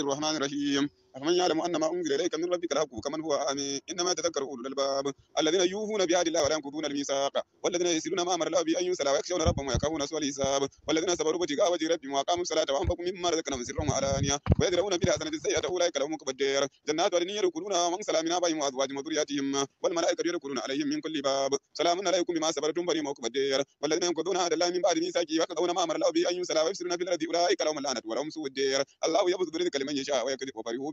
الرحمن الرحيم أفمن يعلم أن ما أنزل إليك من ربك الحق كمن هو أعمي إنما تذكر أولو الألباب الذين يوفون بعهد الله ولا ينقضون الميثاق والذين يسلون ما أمر الله به أن يسلى ويخشون ربهم ويخافون سوء الحساب والذين صبروا ابتغاء وجه ربهم وأقاموا الصلاة وأنفقوا مما رزقناهم سرهم وعلانية ويدرؤون بالحسنة السيئة أولئك لهم عقبى الدير جنات عدن يركلون ومن سلام من آبائهم وأزواجهم وذرياتهم والملائكة يركلون عليهم من كل باب سلام عليكم بما صبرتم فنعم عقبى الدير والذين ينقضون عهد الله من بعد ميثاقه ويقضون ما أمر الله به أن يسلى ويفسدون في الأرض أولئك لهم اللعنة ولهم سوء الدير الله يبسط الرزق لمن يشاء ويقدر وفرحوا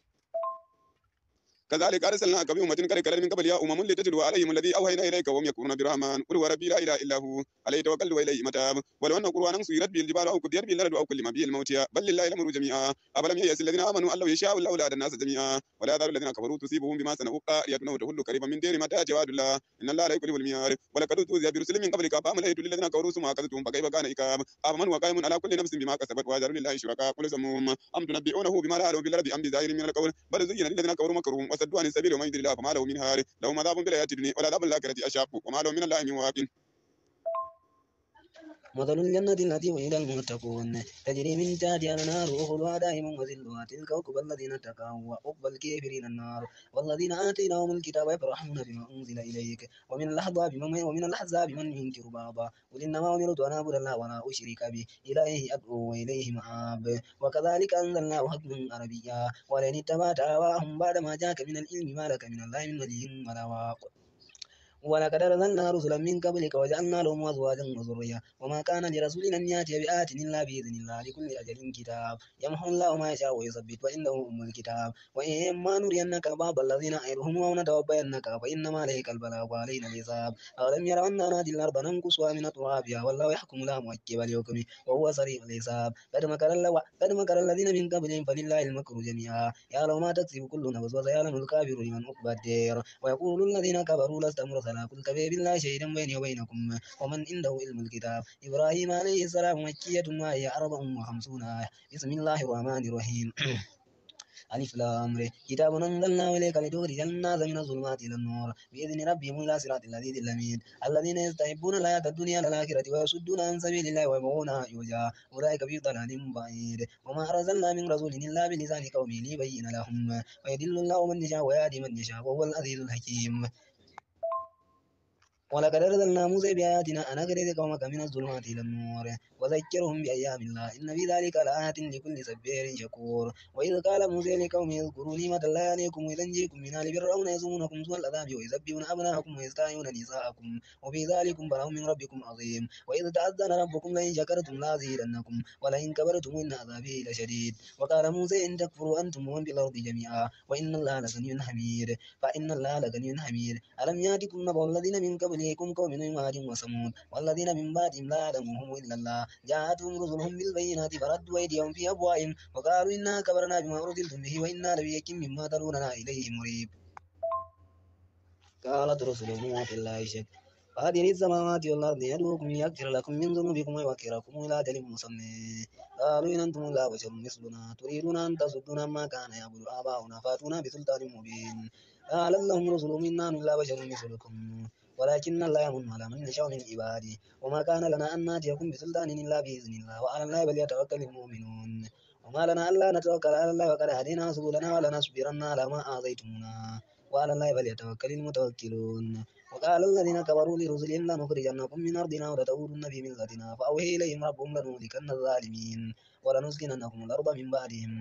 كذلك ارسلنا أرسلناك امه كره كلام من قبل يا امم أمم لتتلو عليهم الذي اوحينا اليك وهم يكفرون بالرحمن قل هو لا اله الا هو عليه توكلت وإليه متاب ولو ان قرآنا سيرت بالجبال او أو قدرت به الأرض أو به الموت بل لله الامر جميعا ابلم يئس الذين امنوا أن يشاء الله لهدى الناس جميعا ولا يزال الذين كفروا تصيبهم بما صنعوا قارية نوت كل قريب من دير متى جواد الله ان الله لا يكلف الميار ولقد توزي برسل من قبلك يدل الذين كفروا ثم أخذتهم فكيف كان إكاب امن وقائم على كل نفس بما كسبت وأجعل لله شركاء قل سموهم ام تنبئونه بما لا يعلم في ام بظاهر من القول بل زين للذين كفروا مكرهم وصدوا عن السبيل ومن يدري الله فما له من هاد لهم عذاب في الحياة الدنيا ولعذاب الآخرة أشاق وما له من الله من واق مثل الجنة التي وعد المتقون تجري من تحتها النار أخلها دائما وزلوا تلك عقبى الذين اتقوا وعقبى الكافرين النار والذين آتيناهم الكتاب يفرحون بما أنزل إليك ومن اللحظة بمن ومن اللحظة بمن ينكر بعضا قل إنما أمرت أن أعبد الله ولا أشرك به إليه أدعو وإليه مآب وكذلك أنزلناه حكما عربيا ولئن اتبعت أهواهم بعد ما جاك من العلم ما لك من الله من ولي ولا واق ولقد أرسلنا رسلا من قبلك وجعلنا لهم أزواجا وذرية وما كان لرسول أن يأتي بآت إلا بإذن الله لكل أجل كتاب يمحو الله ما يشاء ويثبت وعنده أم الكتاب وإما نرينك بعض الذين أعرهم أو نتوبينك فإنما عليك البلاغ وعلينا الحساب أولم يروا أن نأتي الأرض ننقصها من أطرافها والله يحكم لا مؤكب لحكمه وهو سريع الحساب قد مكر قد مكر الذين من قبلهم فلله المكر جميعا يعلم ما تكسب كل نفس وسيعلم الكافر لمن عقبى الدير ويقول الذين كفروا لست مرسلا فلا قل كفى بالله شهيدا بيني وبينكم ومن عنده علم الكتاب إبراهيم عليه السلام مكية وهي أربع وخمسون آية بسم الله الرحمن الرحيم ألف لامر كتاب أنزلناه إليك لتخرج الناس من الظلمات إلى النور بإذن ربهم إلى صراط العزيز الحميد الذين يستحبون الحياة الدنيا على الآخرة ويصدون عن سبيل الله ويبغونها عوجا أولئك في ضلال بعيد وما أرسلنا من رسول إلا بلسان قومه ليبين لهم ويدل الله من يشاء ويهدي من يشاء وهو العزيز الحكيم ولقد أرسلنا موسى بآياتنا أن أخرج قومك من الظلمات إلى النور وذكرهم بأيام الله إن في ذلك لآيات لكل صبير شكور وإذ قال موسى لقومه اذكروا نعمة الله عليكم إذا جئتم من آل فرعون يسومونكم سوء العذاب ويذبحون أبناءكم ويستحيون نساءكم وفي ذلك بلاء من ربكم عظيم وإذ تأذن ربكم لئن شكرتم لأزيدنكم ولئن كبرتم إن عذابي لشديد وقال موسى إن تكفروا أنتم ومن في الأرض جميعا وإن الله لغني حميد فإن الله لغني حميد ألم يأتكم نبأ الذين من قبل عليكم قوم من عاد وثمود والذين من بعدهم لا يعلمهم إلا الله جاءتهم رسلهم بالبينات فردوا أيديهم في أبوائهم وقالوا إنا كبرنا بما أرسلتم به وإنا لبيك مما تروننا إليه مريب قالت رسلهم وفي الله شك فهذه السماوات والأرض يدعوكم ليغفر لكم من ذنوبكم ويوكلكم إلى أجل مسمى قالوا إن أنتم لا بشر مثلنا تريدون أن تصدونا ما كان يعبد آباؤنا فأتونا بسلطان مبين قال لهم رسلهم إنا لا بشر مثلكم ولكن الله يمن على من يشاء من عباده وما كان لنا أن نأتيكم بسلطان إلا بإذن الله وعلى الله فليتوكل المؤمنون وما لنا ألا نتوكل على الله وقد هدينا سبلنا ولنصبرن على ما آذيتمونا وعلى الله فليتوكل المتوكلون وقال الذين كفروا لرسلهم لنخرجنكم من أرضنا ولتعودن في ملتنا فأوحي إليهم ربهم لنهلكن الظالمين ولنسكننكم الأرض من بعدهم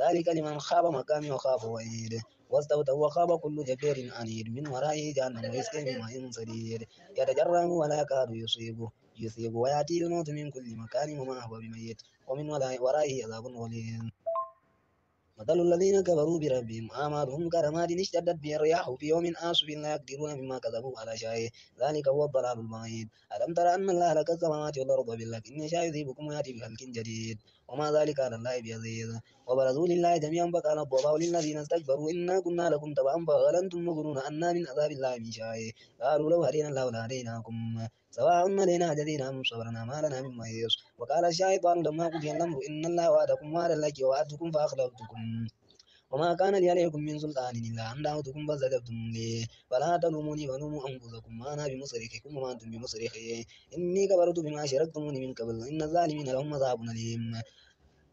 ذلك لمن خاب مقامي وخاف وعيد واستوت وخاب كل جبير عنيد من ورائه جهنم يسقي من ماء صديد يتجرع ولا يكاد يصيبه يصيب ويأتي الموت من كل مكان وما هو بميت ومن ورائه عذاب غليظ مثل الذين كفروا بربهم آمالهم كرماد اشتدت به الرياح في يوم آسف لا يقدرون مما كذبوا على شيء ذلك هو الضلال البعيد ألم تر أن الله لك السماوات والأرض بالله إن شاء يذهبكم ويأتي بخلق جديد وما ذلك على الله بعزيز وبرزوا لله جميعا فقال الضباء للذين استكبروا إنا كنا لكم تبعا فغلنتم مغرون أنا من عذاب الله من شيء قالوا لو هدينا الله لهديناكم سواء علينا جزينا أم صبرنا ما لنا من مهيص وقال الشيطان لما قضي الأمر إن الله وعدكم وعد الله وعدكم فأخلفتكم وما كان لي عليكم من سلطان إلا أن دعوتكم فاستجبتم لي فلا تلوموني ولوموا أنفسكم ما أنا بمصرخكم وما أنتم بمصرخي إني كبرت بما أشركتموني من قبل إن الظالمين لهم عذاب أليم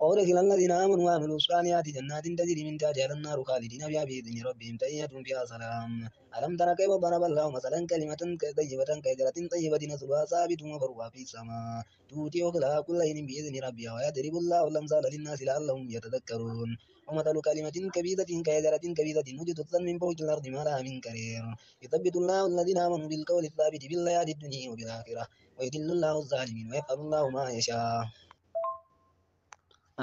وأدخل الذين آمنوا وعملوا الصالحات جنات تجري من تحتها النار خالدين فيها بإذن ربهم تحيتهم فيها سلام ألم تر كيف ضرب الله مثلا كلمة طيبة كجرة طيبة نسلها ثابت وفرعها في السماء تؤتي أكلها كل حين بإذن ربها ويضرب الله الأمثال للناس لعلهم يتذكرون ومثل كلمة كبيرة كشجرة كبيرة وجدت من فوق الأرض ما لها من كرير يثبت الله الذين آمنوا بالقول الثابت بالله الحياة الدنيا وبالآخرة ويذل الله الظالمين ويفعل الله ما يشاء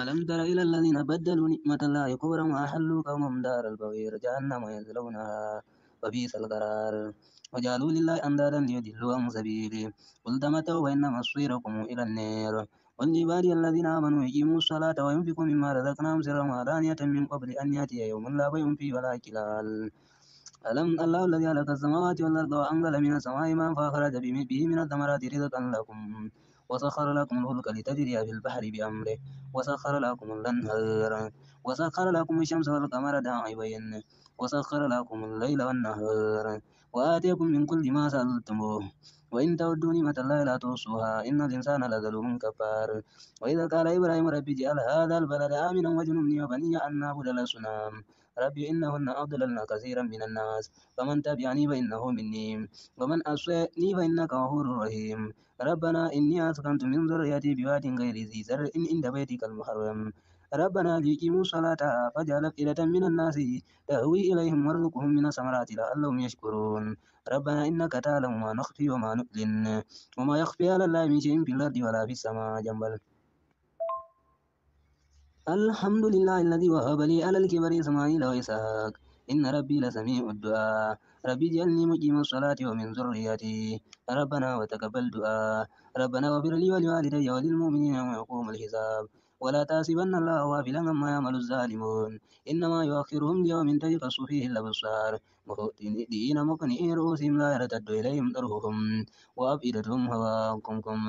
ألم تر إلى الذين بدلوا نعمة الله كفرا وأحلوا قومهم دار البغير جهنم يصلونها وبئس القرار وجعلوا لله أندادا ليضلوا عن سبيله قل تمتوا وإنما مصيركم إلى النار ولعبادي الذين آمنوا يقيموا الصلاة وينفقوا مما رزقناهم سرا وعلانية من قبل أن يأتي يوم لا بيع فيه ولا كلال ألم الله الذي خلق السماوات والأرض وأنزل من السماء ماء فأخرج به من الثمرات رزقا لكم وسخر لكم الفلك لتجري في البحر بأمره وسخر لكم الأنهار وسخر لكم الشمس والقمر دائبين وسخر لكم الليل والنهار وآتيكم من كل ما سألتموه وإن تودوا نعمة الله لا توصوها إن الإنسان لظلوم كفار وإذا قال إبراهيم رب اجعل هذا البلد آمنا وجنبني وبني أن نعبد الأصنام ربي إنهن أضللن كثيرا من الناس فمن تبعني فإنه مني ومن أصيتني فإنك غفور رحيم ربنا إني أسكنت من ذريتي بواد غير ذي زرع عند بيتك المحرم ربنا ليقيموا الصلاة فجعل أفئدة من الناس تهوي إليهم وارزقهم من الثمرات لعلهم يشكرون ربنا إنك تعلم ما نخفي وما نعلن وما يخفي على الله من شيء في الأرض ولا في السماء جنبل الحمد لله الذي وهب لي على الكبر إسماعيل وإسحاق إن ربي لسميع الدعاء ربي اجعلني مقيم الصلاة ومن ذريتي ربنا وتقبل دعاء ربنا واغفر لي ولوالدي وللمؤمنين يوم يقوم الحساب ولا تاسبن الله غافلا عما يعمل الظالمون إنما يؤخرهم ليوم تشخص فيه الأبصار مهطعين مقنعي رؤوسهم لا يرتد إليهم طرفهم وأفئدتهم هواء كمكم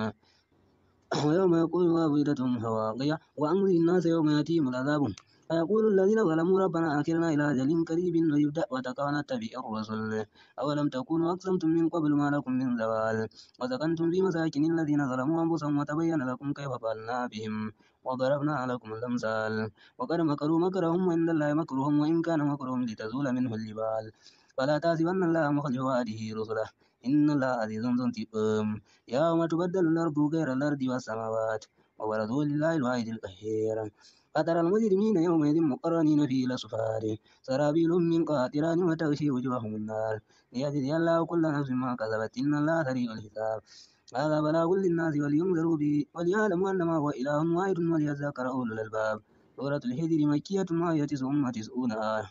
ويوم يقول أفئدتهم هواقية وأمر الناس يوم يأتيهم العذاب فيقول الذين ظلموا ربنا أكلنا إلى أجل قريب ويبدأ دعوتك ونتبع الرسل أولم تكونوا أقسمتم من قبل ما لكم من زوال وسكنتم في مساكن الذين ظلموا أنفسهم وتبين لكم كيف فعلنا بهم وضربنا لكم الأمثال وقد مكروا مكرهم وإن الله مكرهم وإن كان مكرهم لتزول منه الجبال فلا تحسبن الله مخلف وعده رسله إن الله عزيز ذو انتقام يوم تبدل الأرض غير الأرض والسماوات وبرزوا لله الواحد القهير فترى المجرمين يومئذ مقرنين في الأصفار سرابيل من قاتلان وتغشي وجوههم النار ليجزي الله كل نفس ما كسبت إن الله سريع الحساب هذا بلاغ للناس ولينذروا به وليعلموا أنما هو إله واحد وليذكر أولو الألباب سورة الحجر مكية ما تسع وتسعون آية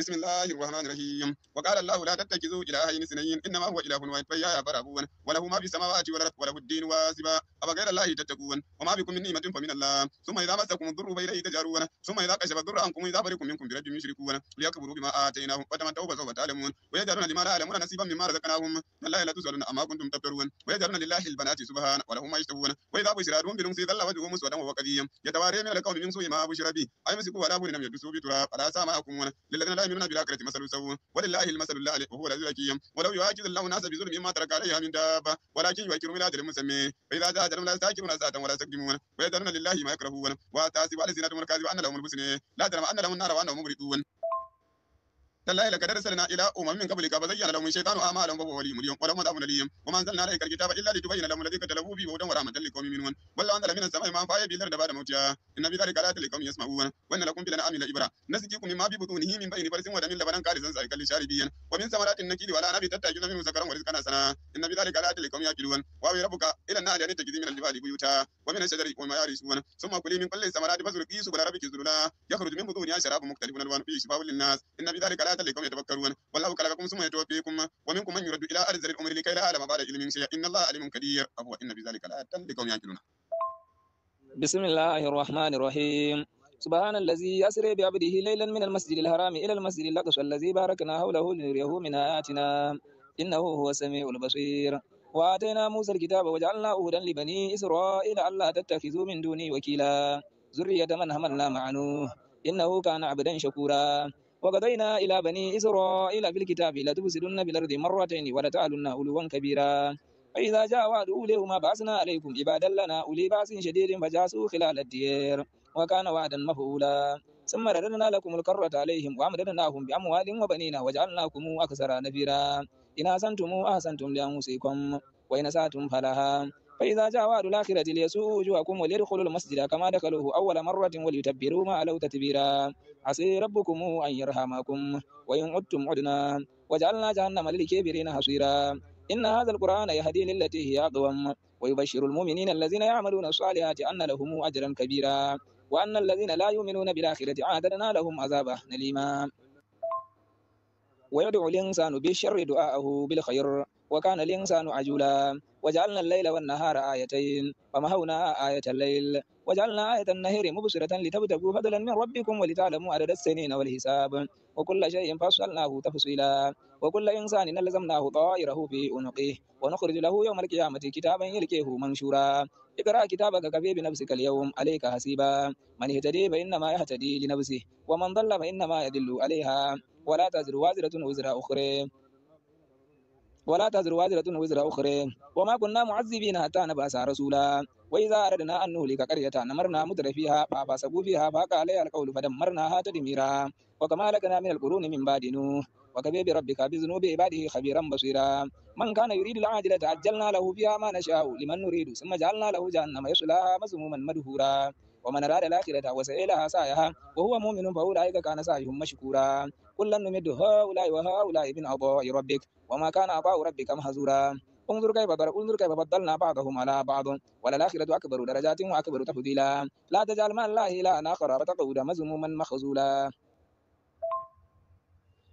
بسم الله الرحمن الرحيم وقال الله لا تتخذوا إلهين سنين إنما هو إله واحد فإياي فارهبون وله ما في السماوات والأرض وله الدين واسبا أفغير الله تتقون وما بكم من نعمة فمن الله ثم إذا مسكم الضر فإليه تجارون ثم إذا كشف الضر عنكم إذا فريق منكم برد يشركون ليكبروا بما آتيناهم وتمتعوا فسوف تعلمون ويجعلون لما لا يعلمون نصيبا مما رزقناهم والله لا تسألون أما كنتم تفترون ويجعلون لله البنات سبحان وله ما يشتهون وإذا بشر أحدهم بالأنثى ظل وجهه مسودا وهو كظيم يتوارى من القوم من سوء ما بشر به أيمسكوا ولا على هون يدسوا بتراب ألا ساء ما يحكمون للذين لا يؤمنون بالآخرة مثل سوء ولله المثل الأعلى وهو العزيز الحكيم ولو يعاجز الله الناس بظلم ما ترك عليها من دابة ولكن يؤخرهم إلى أجل مسمى فإذا جاء أجلهم لا يستأخرون ساعة ولا يستقدمون ويذرون لله ما يكرهون وتحسب ألسنتهم الكاذب أن لهم الحسنى لا جرم أن لهم النار وأنهم مغرقون تالله لقد ارسلنا الى امم من قبلك فزين لهم الشيطان اعمالهم فهو وليهم اليوم ولهم عذاب اليم وما انزلنا عليك الكتاب الا لتبين لهم الذي اختلفوا فيه هدى ورحمه لقوم يؤمنون والله انزل من السماء ماء فاحيا به الارض بعد موتها ان في ذلك لايات لقوم يسمعون وان لكم في الانعام لعبره نسقيكم مما في بطونه من بين فرس ودم لبنا كارثا سائقا للشاربين ومن ثمرات النكيل ولا والعنب تتاجون منه سكرا ورزقا حسنا ان في ذلك لايات لقوم يعقلون واوي ربك الى النار يعني تجدي من الجبال بيوتا ومن الشجر وما يعرشون ثم كلي من كل الثمرات فازرقي سبل ربك ذللا يخرج من بطونها شراب مختلف الوان فيه شفاء للناس ان في ذلك لعلكم يتفكرون والله خلقكم ثم يتوفيكم ومنكم من يرد إلى أرض الأمر لكي لا أعلم بعد علم شيئا إن الله عليم قدير أهو إن في ذلك لآية لقوم يعقلون بسم الله الرحمن الرحيم سبحان الذي يسري بعبده ليلا من المسجد الحرام إلى المسجد الأقصى الذي باركنا حوله لنريه من آياتنا إنه هو السميع البصير وآتينا موسى الكتاب وجعلناه هدى لبني إسرائيل ألا تتخذوا من دوني وكيلا ذرية من حملنا مع نوح إنه كان عبدا شكورا وقضينا إلى بني إسرائيل في الكتاب لتفسدن في الأرض مرتين ولتعلن علوا كبيرا فإذا جاء وعد أولهما بعثنا عليكم عبادا لنا أولي بأس شديد فجاسوا خلال الدير وكان وعدا مفعولا ثم رددنا لكم الكرة عليهم وأمددناهم بأموال وبنين وجعلناكم أكثر نفيرا إن أحسنتم أحسنتم لأنفسكم وإن أسأتم فلها فإذا جاء وعد الآخرة ليسوء وجوهكم وليدخلوا المسجد كما دخلوه أول مرة وليتبروا ما علوا تتبيرا عسى ربكم أن يرحمكم وإن عدتم عدنا وجعلنا جهنم للكبرين حصيرا إن هذا القرآن يهدي للتي هي أقوم ويبشر المؤمنين الذين يعملون الصالحات أن لهم أجرا كبيرا وأن الذين لا يؤمنون بالآخرة أعتدنا لهم عذابا نليما ويدعو الإنسان بالشر دعاءه بالخير وكان الإنسان عجولا وجعلنا الليل والنهار آيتين فمهونا آية الليل وجعلنا آية النهر مبصرة لتبتغوا فضلا من ربكم ولتعلموا عدد السنين والحساب وكل شيء فصلناه تفصيلا وكل إنسان ألزمناه طائره في عنقه ونخرج له يوم القيامة كتابا يلقيه منشورا اقرأ كتابك كفي بنفسك اليوم عليك حسيبا من اهتدي فإنما يهتدي لنفسه ومن ضل فإنما يدل عليها ولا تزر وازرة وزر أخرى ولا تزر وازرة وزر أخرى وما كنا معذبين حتى نبعث رسولا وإذا أردنا أن نهلك قرية نمرنا متر فيها فأفسقوا فيها فاق عليها القول فدمرناها تدميرا وكما لكنا من القرون من بعد نوح وكبير بربك بذنوب عباده خبيرا بصيرا من كان يريد العاجلة عجلنا له فيها ما نشاء لمن نريد ثم جعلنا له جهنم يصلاها مسموما مدهورا ومن أراد الآخرة وسعي لها سعيها وهو مؤمن فأولئك كان سعيهم مشكورا كلا نمد هؤلاء وهؤلاء من أضاء ربك وما كان أضاء ربك مهزورا انظر كيف انظر كيف بدلنا بعضهم على بعض وللآخرة أكبر درجات وأكبر تفضيلا لا تجعل مع الله إلها آخر فتقعد مذموما مخزولا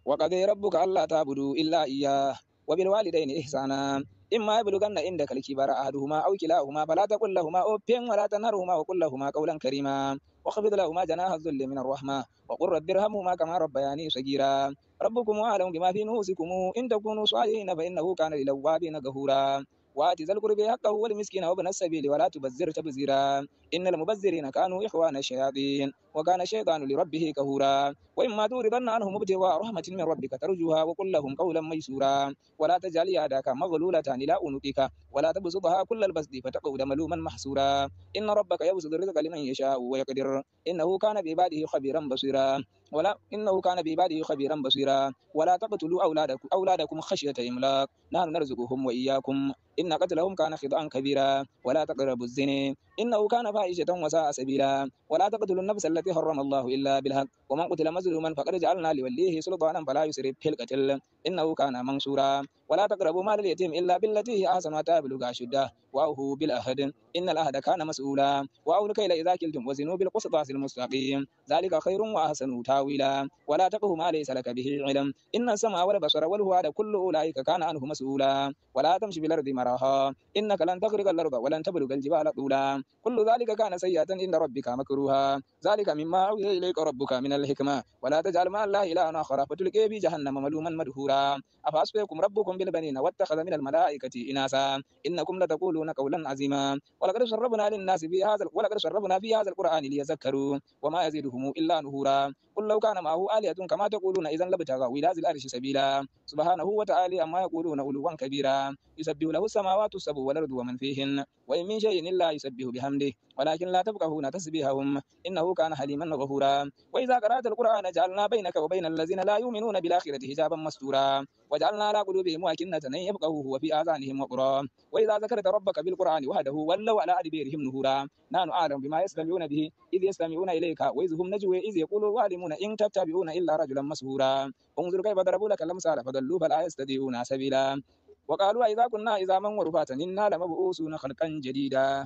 وقضي ربك ألا تعبدوا إلا إياه وبالوالدين إحسانا إما يبلغن عندك الكبر أحدهما أو كلاهما فلا تقل لهما أوف ولا تنهرهما وقل لهما قولا كريما وخفض لهما جناح الذل من الرحمة وقل رب ارحمهما كما ربياني صغيرا ربكم أعلم بما في نفوسكم إن تكونوا صالحين فإنه كان للأوابين غفورا واتي ذا القرب حقه والمسكين وابن السبيل ولا تبذر تبذيرا إن المبذرين كانوا إخوان الشياطين وكان الشيطان لربه كهورا وإما تورضن عنهم ابتغاء رحمة من ربك ترجوها وقل لهم قولا ميسورا ولا تجعل يداك مغلولة إلى عنقك ولا تبسطها كل البسط فتقعد ملوما محسورا إن ربك يبسط الرزق لمن يشاء ويقدر إنه كان بعباده خبيرا بصيرا ولا إنه كان بعباده خبيرا بصيرا ولا تقتلوا أولادكم أولادكم خشية إملاق نحن نرزقهم وإياكم إن قتلهم كان خطأ كبيرا ولا تقربوا الزنا إنه كان فاحشة وساء سبيلا ولا تقتلوا النفس التي حرم الله إلا بالحق ومن قتل مظلوما فقد جعلنا لوليه سلطانا فلا يسرف في القتل إنه كان منصورا ولا تقربوا مال اليتيم إلا بالتي هي أحسن حتى يبلغ أشده وأوفوا بالعهد إن العهد كان مسؤولا وأوفوا الكيل إذا كلتم وزنوا بالقسطاس المستقيم ذلك خير وأحسن تاويلا ولا تقه ما ليس لك به علم إن السماء والبشر والهواد كل أولئك كان عنه مسؤولا ولا تمشي بالأرض مرا فجبرها إنك لن تغرق الأرض ولن تبلغ الجبال طولا كل ذلك كان سيئة عند ربك مكروها ذلك مما أوحي إليك ربك من الحكمة ولا تجعل مع الله إلها آخر فتلقي في جهنم ملوما مدحورا أفأسفكم ربكم بالبنين واتخذ من الملائكة إناسا إنكم لتقولون قولا عظيما ولقد شربنا للناس في هذا ولقد شربنا في هذا القرآن ليذكروا وما يزيدهم إلا نهورا قل لو كان معه آلهة كما تقولون إذا لابتغوا إلى ذي العرش سبيلا سبحانه وتعالى أما يقولون علوا كبيرا يسبح له السماوات السبع والأرض ومن فيهن وإن من شيء إلا يسبه بحمده ولكن لا تفقهون تسبيحهم إنه كان حليما غفورا وإذا قرأت القرآن جعلنا بينك وبين الذين لا يؤمنون بالآخرة حجابا مستورا وجعلنا على قلوبهم أكنة أن يفقهوه وفي آذانهم وقرا وإذا ذكرت ربك بالقرآن وحده ولوا على أدبيرهم نهورا نحن أعلم بما يستمعون به إذ يستمعون إليك وإذ هم نجوى إذ يقول الظالمون إن تتبعون إلا رجلا مسهورا انظر كيف ضربوا لك الأمثال فضلوا فلا يستطيعون سبيلا وقالوا إذا كنا إذا عظاما ورفاتا إنا لمبعوثون خلقا جديدا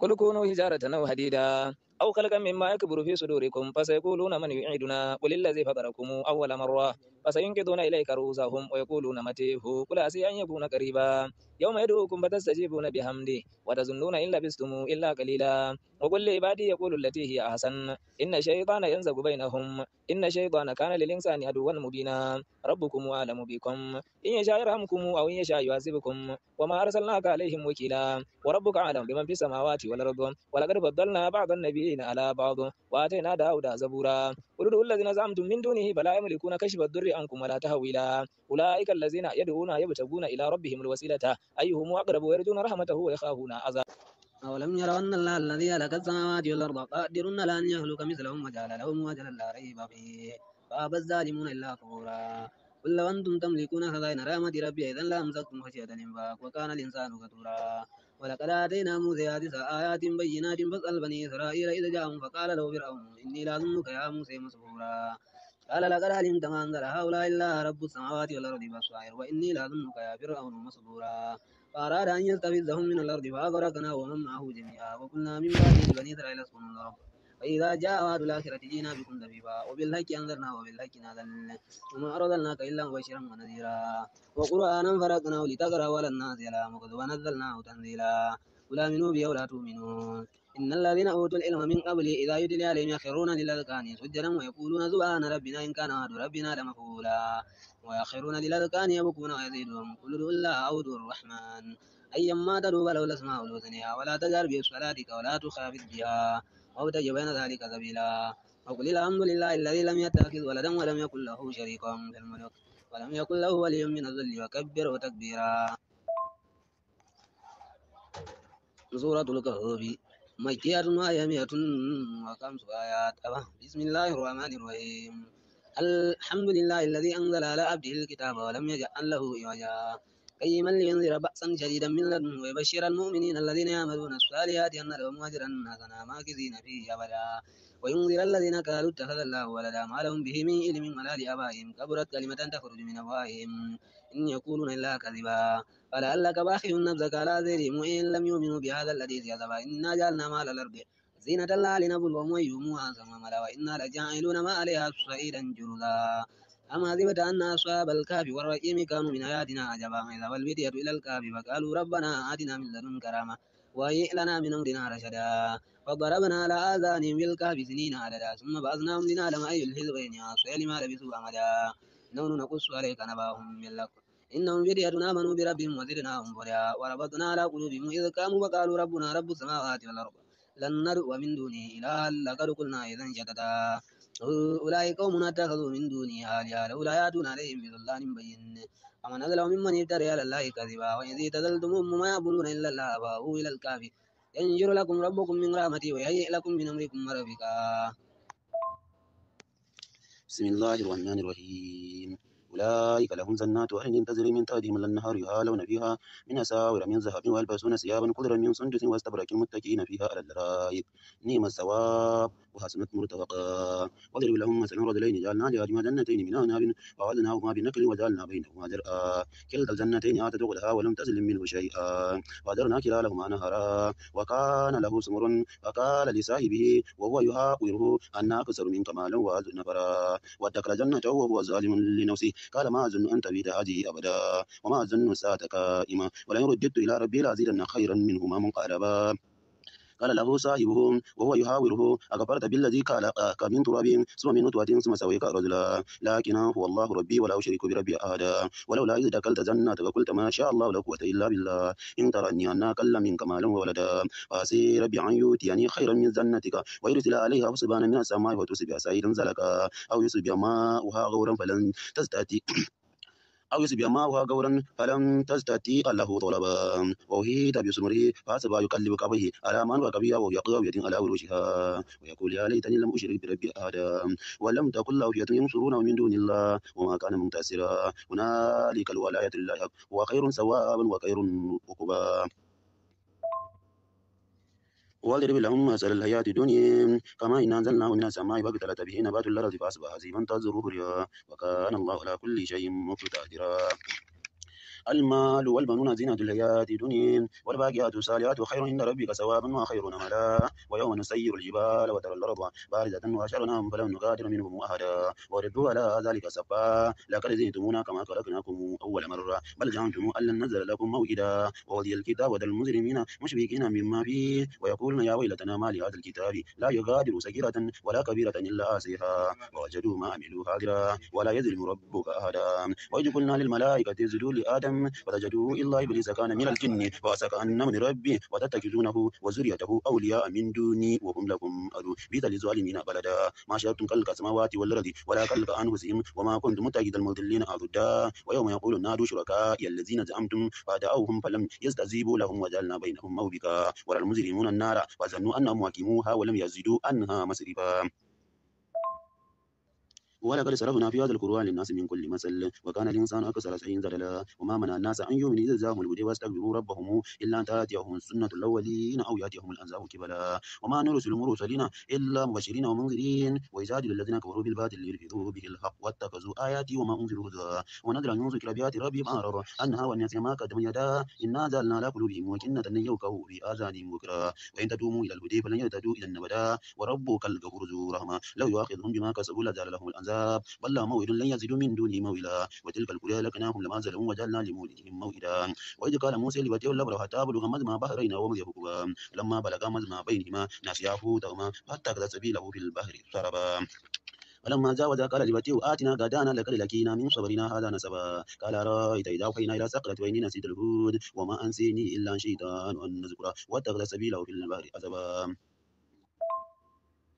قل كونوا هجارة أو هديدا أو خلقا مما يكبر في صدوركم فسيقولون من يعيدنا قل الذي فطركم أول مرة فسينكضون إليك رؤوسهم ويقولون متيه قل عسى أن يكون قريبا يوم يدعوكم فتستجيبون بحمدي وتظنون إن لبستم إلا قليلا وقل لعبادي يقول التي هي أحسن إن الشيطان ينزغ بينهم إن الشيطان كان للإنسان عدوا مبينا ربكم أعلم بكم إن يشاء يرحمكم أو إن يشاء يعذبكم وما أرسلناك عليهم وكيلا وربك أعلم بمن في السماوات والأرض ولقد فضلنا بعض النبيين على بعض وآتينا داود زبورا قل ادعوا الذين زعمتم من دونه فلا يملكون كشف الضر عنكم ولا تهويلا أولئك الذين يدعون يبتغون إلى ربهم الوسيلة أيهم أقرب ويرجون رحمته ويخافون عذابه أولم يروا أن الله الذي أهلك السماوات والأرض قادر على أن يهلك مثلهم وجعل لهم أجلا لا ريب فيه فأبى الظالمون إلا كفورا قل لو أنتم تملكون خزائن رحمة ربي إذا لأمسكتم خشية الإنفاق وكان الإنسان كثورا ولقد آتينا موسى آيات بينات فاسأل بني إسرائيل إذا جاءهم فقال له فرعون إني لأظنك يا موسى مسحورا قال لقد علمت ما أنزل هؤلاء إلا رب السماوات والأرض بصائر وإني لأظنك يا فرعون مصبورا فأراد أن يستفزهم من الأرض فأغرقنا ومن معه جميعا وقلنا من بعده بني إسرائيل اسكنوا الأرض فإذا جاء وعد الآخرة جينا بكم دبيبا وبالحق أنذرنا وبالحق نذل وما أرسلناك إلا مبشرا ونذيرا وقرآنا فرقناه لتقرأ على الناس على مكث ونزلناه تنزيلا قل آمنوا بي ولا تؤمنون إن الذين أوتوا العلم من قبل إذا يدل عليهم يخرون للأذقان سجدا ويقولون سبحان ربنا إن كان وعد ربنا لمفعولا ويخرون للأذقان يبكون ويزيدهم قل ادعوا الله أو ادعوا الرحمن أيما تدعوا فله الأسماء الحسنى ولا تجهر بصلاتك ولا تخافت بها وابتغ بين ذلك سبيلا وقل الحمد لله الذي لم يتخذ ولدا ولم يكن له شريكا في الملك ولم يكن له ولي من الذل وكبره تكبيرا سورة الكهف مجدية وآيامية وخمس آيات بسم الله الرحمن الرحيم الحمد لله الذي أنزل على عبده الكتاب ولم يجعل له عوجا قيما لينذر بأسا شديدا من لدن ويبشر المؤمنين الذين يعملون الصالحات أن لهم أجرا حسنا ماكثين فيه أبدا وينذر الذين قالوا اتخذ الله ولدا ما لهم به من علم ولا لآبائهم كبرت كلمة تخرج من أفواههم إن يقولون إلا كذبا فلعلك باخع نفسك على ذرهم وإن لم يؤمنوا بهذا الذي كذبا إنا جعلنا مال الأرض زينة الله لنبلوهم أيهم أحسن عملا وإنا لجاعلون ما عليها صعيدا جرذا أما ذبت أن أصحاب الكهف والرقيم كانوا من آياتنا عجبا إذا والبدية إلى الكافي فقالوا ربنا آتنا من لدن كرامة وهيئ لنا من أمرنا رشدا وضربنا على آذانهم في الكهف سنين عددا ثم بعثناهم لنعلم أي الحزبين أحصى لما لبثوا أمدا نون نقص عليك نباهم من لك إنهم بدية آمنوا بربهم وزدناهم هدى وربطنا على قلوبهم إذ قاموا وقالوا ربنا رب السماوات والأرض لن ندعو من دونه إلها لقد قلنا إذا شتتا أولئك قوم اتخذوا من دونه آلهة لولا يأتون عليهم بسلطان بين فمن أظلم ممن افترى على الله كذبا وإذ اعتزلتموهم ما يعبدون إلا الله فأووا إلى الكهف ينجر لكم ربكم من رحمته ويهيئ لكم من أمركم مرفقا بسم الله الرحمن الرحيم أولئك لهم جنات عدن تجري من تحتهم الأنهار يهالون فيها من أساور من ذهب ويلبسون ثيابا خضرا من سندس واستبرق المتكئين فيها على الأرائك نعم الثواب ربها وحسنت مرتفقا واضرب لهم مثلا رجلين جعلنا لهما جنتين من عنب وعدناهما بنقل وجعلنا بينهما درءا كلتا الجنتين آتت أغلها ولم تزل منه شيئا وأدرنا كلالهما نهرا وكان له سمر فقال لصاحبه وهو يهاوره أن أكثر من مالا وأعز نفرا وادخل جنته وهو ظالم لنفسه قال ما أظن أن تبيت هذه أبدا وما أظن الساعة قائمة ولئن رددت إلى ربي لأزيدن خيرا منهما منقلبا قال له صاحبه وهو يحاوره أكفرت بالذي قال آه، من تراب ثم من نطوة ثم سويك رجلا لكن هو الله ربي ولا أشرك بربي أحدا ولولا إذ دخلت جنتك قلت ما شاء الله لا قوة إلا بالله إن ترني أنا أقل منك مالا وولدا فأسي ربي أن يؤتيني خيرا من جنتك ويرسل عليها حسبانا من السماء وتصبح سعيدا زلكا أو يصبح ماؤها غورا فلن تستأتي أو يصب ماؤها غورا فلم تستطيع له طلبا تبي سمري فاسبا يقلب كبه على من وكبيا وهي قاوية على وجهها ويقول يا ليتني لم أشرك بربي آدم ولم تقل له فئة ينصرونه من دون الله وما كان منتصرا هنالك الولاية لله وخير ثوابا وخير عقبا واضرب لهم مثل الحياة الدنيا كما إن أنزلناه من السماء فاختلط به نبات الأرض فأصبح هزيما تزرعه وكان الله على كل شيء مقتدرا المال والبنون زينة الحياة الدنيا والباقيات الصالحات خير عند ربك ثوابا وخير املا ويوم نسير الجبال وترى الارض بارزة وحشرناهم فلم نغادر منهم احدا وردوا على ذلك سبا لقد زيتمونا كما خلقناكم اول مرة بل زعمتم ان لن نزل لكم موئدا وودي الكتاب ودى المجرمين مشبكين مما فيه ويقولون يا ويلتنا ما لهذا الكتاب لا يغادر سكيرة ولا كبيرة الا آسيها ووجدوا ما عملوا حاضرا ولا يظلم ربك احدا واذ قلنا للملائكة اسجدوا لادم آدم فتجدوا إلا إبليس كان من الجن فأسك أن من ربي وتتخذونه وزريته أولياء من دوني وهم لكم أدو بيت للظالمين بلدا ما شرتم كلك السماوات والأرض ولا كلك أنفسهم وما كنت متجد المضلين أعدا ويوم يقول نادوا شركائي الذين زعمتم فدعوهم فلم يستجيبوا لهم وجعلنا بينهم موبقا ولا المجرمون النار فظنوا أنهم واكموها ولم يزدوا أنها مصرفا ولقد صرفنا في هذا القرآن للناس من كل مثل وكان الإنسان أكثر شيء زللا وما منع الناس أن يؤمنوا إذا جاءهم الهدى واستكبروا ربهم إلا أن تأتيهم السنة الأولين أو يأتيهم الأنذار كبلا وما نرسل المرسلين إلا مبشرين ومنذرين ويجادل الذين كفروا بالباطل ليرفضوا به الحق واتخذوا آياتي وما أنزلوا هدى ونذر أن ينذر بآيات ربهم أعرض أنها والناس ما قدم يدا إنا جعلنا على قلوبهم وكنة يوكوا في آذانهم وكرا وإن تدوموا إلى الهدى فلن يهتدوا إذا أبدا وربك الغفور ذو رحمة لو يؤاخذهم بما كسبوا لزال لهم الأنذار والله موئل لن يزيد من دونه موئلا وتلك القرى لكناهم لما زلوا وجعلنا لمولدهم موئلا وإذ قال موسى لبتيه الله حتى بلغ مزمى بحرين وهم يبكوا لما بلغ مزمى بينهما نسيا حوتهما فاتخذ سبيله في البحر سربا فلما جاوزا قال لبتيه آتنا غدانا لك لقينا من صبرنا هذا نسبا قال رأيت إذا أوحينا إلى سقرة وإني نسيت الهود وما أنسيني إلا شيطان أن نذكره واتخذ سبيله في البحر أسبا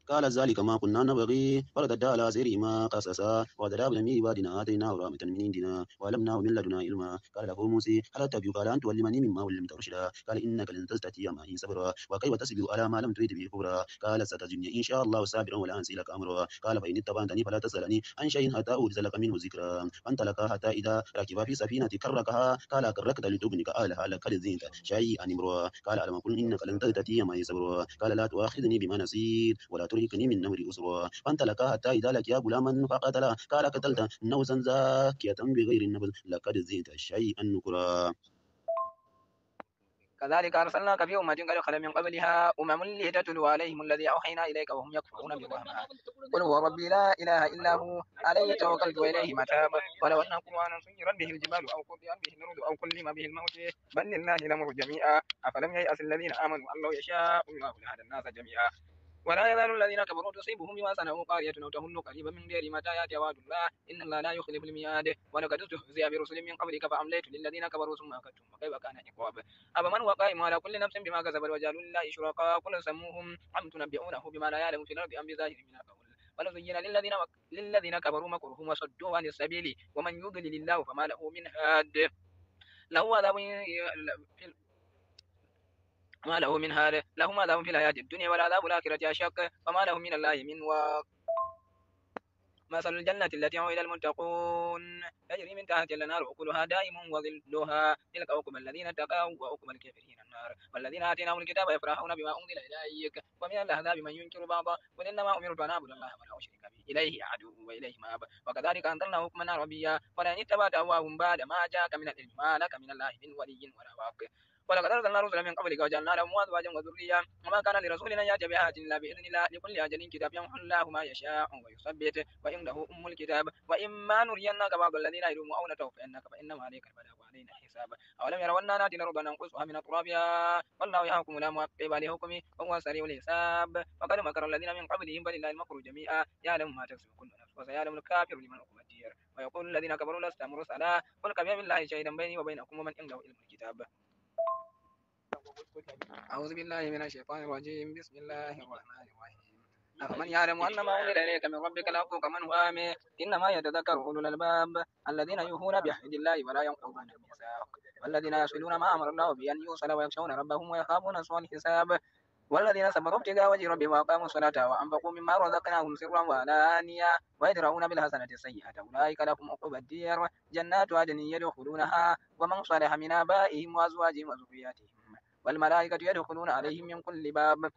قال ذلك ما كنا نبغي فردد على ما قصصا وضرب من عبادنا آتيناه رحمة من عندنا وعلمناه من لدنا علما قال له موسى هل أتبعك على أن تعلمني مما علمت رشدا قال إنك لن تستطيع معي صبرا وكيف تصبر على ما لم تريد به كبرا قال ستجدني إن شاء الله صابرا ولا أنسي لك أمرا قال فإن اتبعتني فلا تسألني عن شيء حتى أورث لك منه ذكرا فانطلقا حتى إذا ركب في سفينة كركها قال كركت لتبنك أهلها لقد زنت شيئا امرا قال ألم أقول إنك لن تستطيع معي صبرا قال لا تؤاخذني بما نسيت ولا تخرجني من نور أسرى فانطلقا حتى إذا لقيا غلاما فقتله قال قتلت نوسا زاكية بغير النفس لقد زيت شيئا نكرا كذلك أرسلناك في أمة قد خلت من قبلها أمم لتتلو عليهم الذي أوحينا إليك وهم يكفرون بوهما قل هو ربي لا إله إلا هو عليه توكلت وإليه متاب ولو أن قرآنا سيرت به الجبال أو قطعت به الأرض أو كلم به الموت بل لله الأمر جميعا أفلم ييأس الذين آمنوا أن لو يشاء الله لهدى الناس جميعا ولا يزال الذين كفروا تصيبهم بما صنعوا قارية أو تهل قريبا من دير متى يأتي وعد الله إن الله لا يخلف الميعاد ولقد استهزئ برسل من قبلك فأمليت للذين كفروا ثم أخذتهم فكيف كان عقاب أفمن هو قائم على كل نفس بما كسبت وجعلوا لله شركاء قل سموهم أم تنبئونه بما لا يعلم في الأرض أم بظاهر من القول ولزين للذين مك... للذين كفروا مكرهم وصدوا عن السبيل ومن يضلل الله فما له من هاد له عذاب ما له من هذا ما لهم في الحياة الدنيا ولا عذاب الآخرة أشق وما له من الله من واق مثل الجنة التي وعد المتقون تجري من تحتها الأنهار أكلها دائم وظلها تلك عقب الذين اتقوا وعقب الكافرين النار والذين آتيناهم الكتاب يفرحون بما أنزل إليك ومن الأحزاب من ينكر بعضا قل إنما أمرت أن أعبد الله ولا أشرك به إليه عدو وإليه ماب وكذلك أنزلنا حكما عربيا ولئن اتبعت أهواهم بعد ما جاءك من العلم ما لك من الله من ولي ولا واق ولقد أرسلنا رسلا من قبلك وجعلنا لهم أزواجا وذريا وما كان لرسول أن يأتي بآية إلا بإذن الله لكل أجل كتاب يمحو الله ما يشاء ويثبت وعنده أم الكتاب وإما نرينك بعض الذين يدوم أو نتوفى فإنك فإنما عليك البلاغ وعلينا الحساب أولم يروا أنا نأتي الأرض ننقصها من أطرافها والله يحكم لا معقب لحكمه وهو سريع الحساب وقد مكر الذين من قبلهم بل الله المكر جميعا يعلم ما تكسب كل نفس وسيعلم الكافر لمن عقب الدير ويقول الذين كفروا لست مرسلا قل من الله شهيدا بيني وبينكم ومن عنده علم الكتاب أعوذ بالله من الشيطان الرجيم بسم الله الرحمن الرحيم أفمن يعلم أن ما أنزل إليك من ربك الحق كمن هو آمن إنما يتذكر أولو الألباب الذين يوفون بعهد الله ولا ينقضون الميثاق والذين يصلون ما أمر الله به أن يوصل ويخشون ربهم ويخافون سوء الحساب والذين صبروا ابتغاء وجه ربهم وأقاموا الصلاة وأنفقوا مما رزقناهم سرا وعلانية ويدرؤون بالحسنة السيئة أولئك لهم عقبى الدير جنات عدن يدخلونها ومن صلح من آبائهم وأزواجهم وذرياتهم والملائكة يدخلون عليهم من كل باب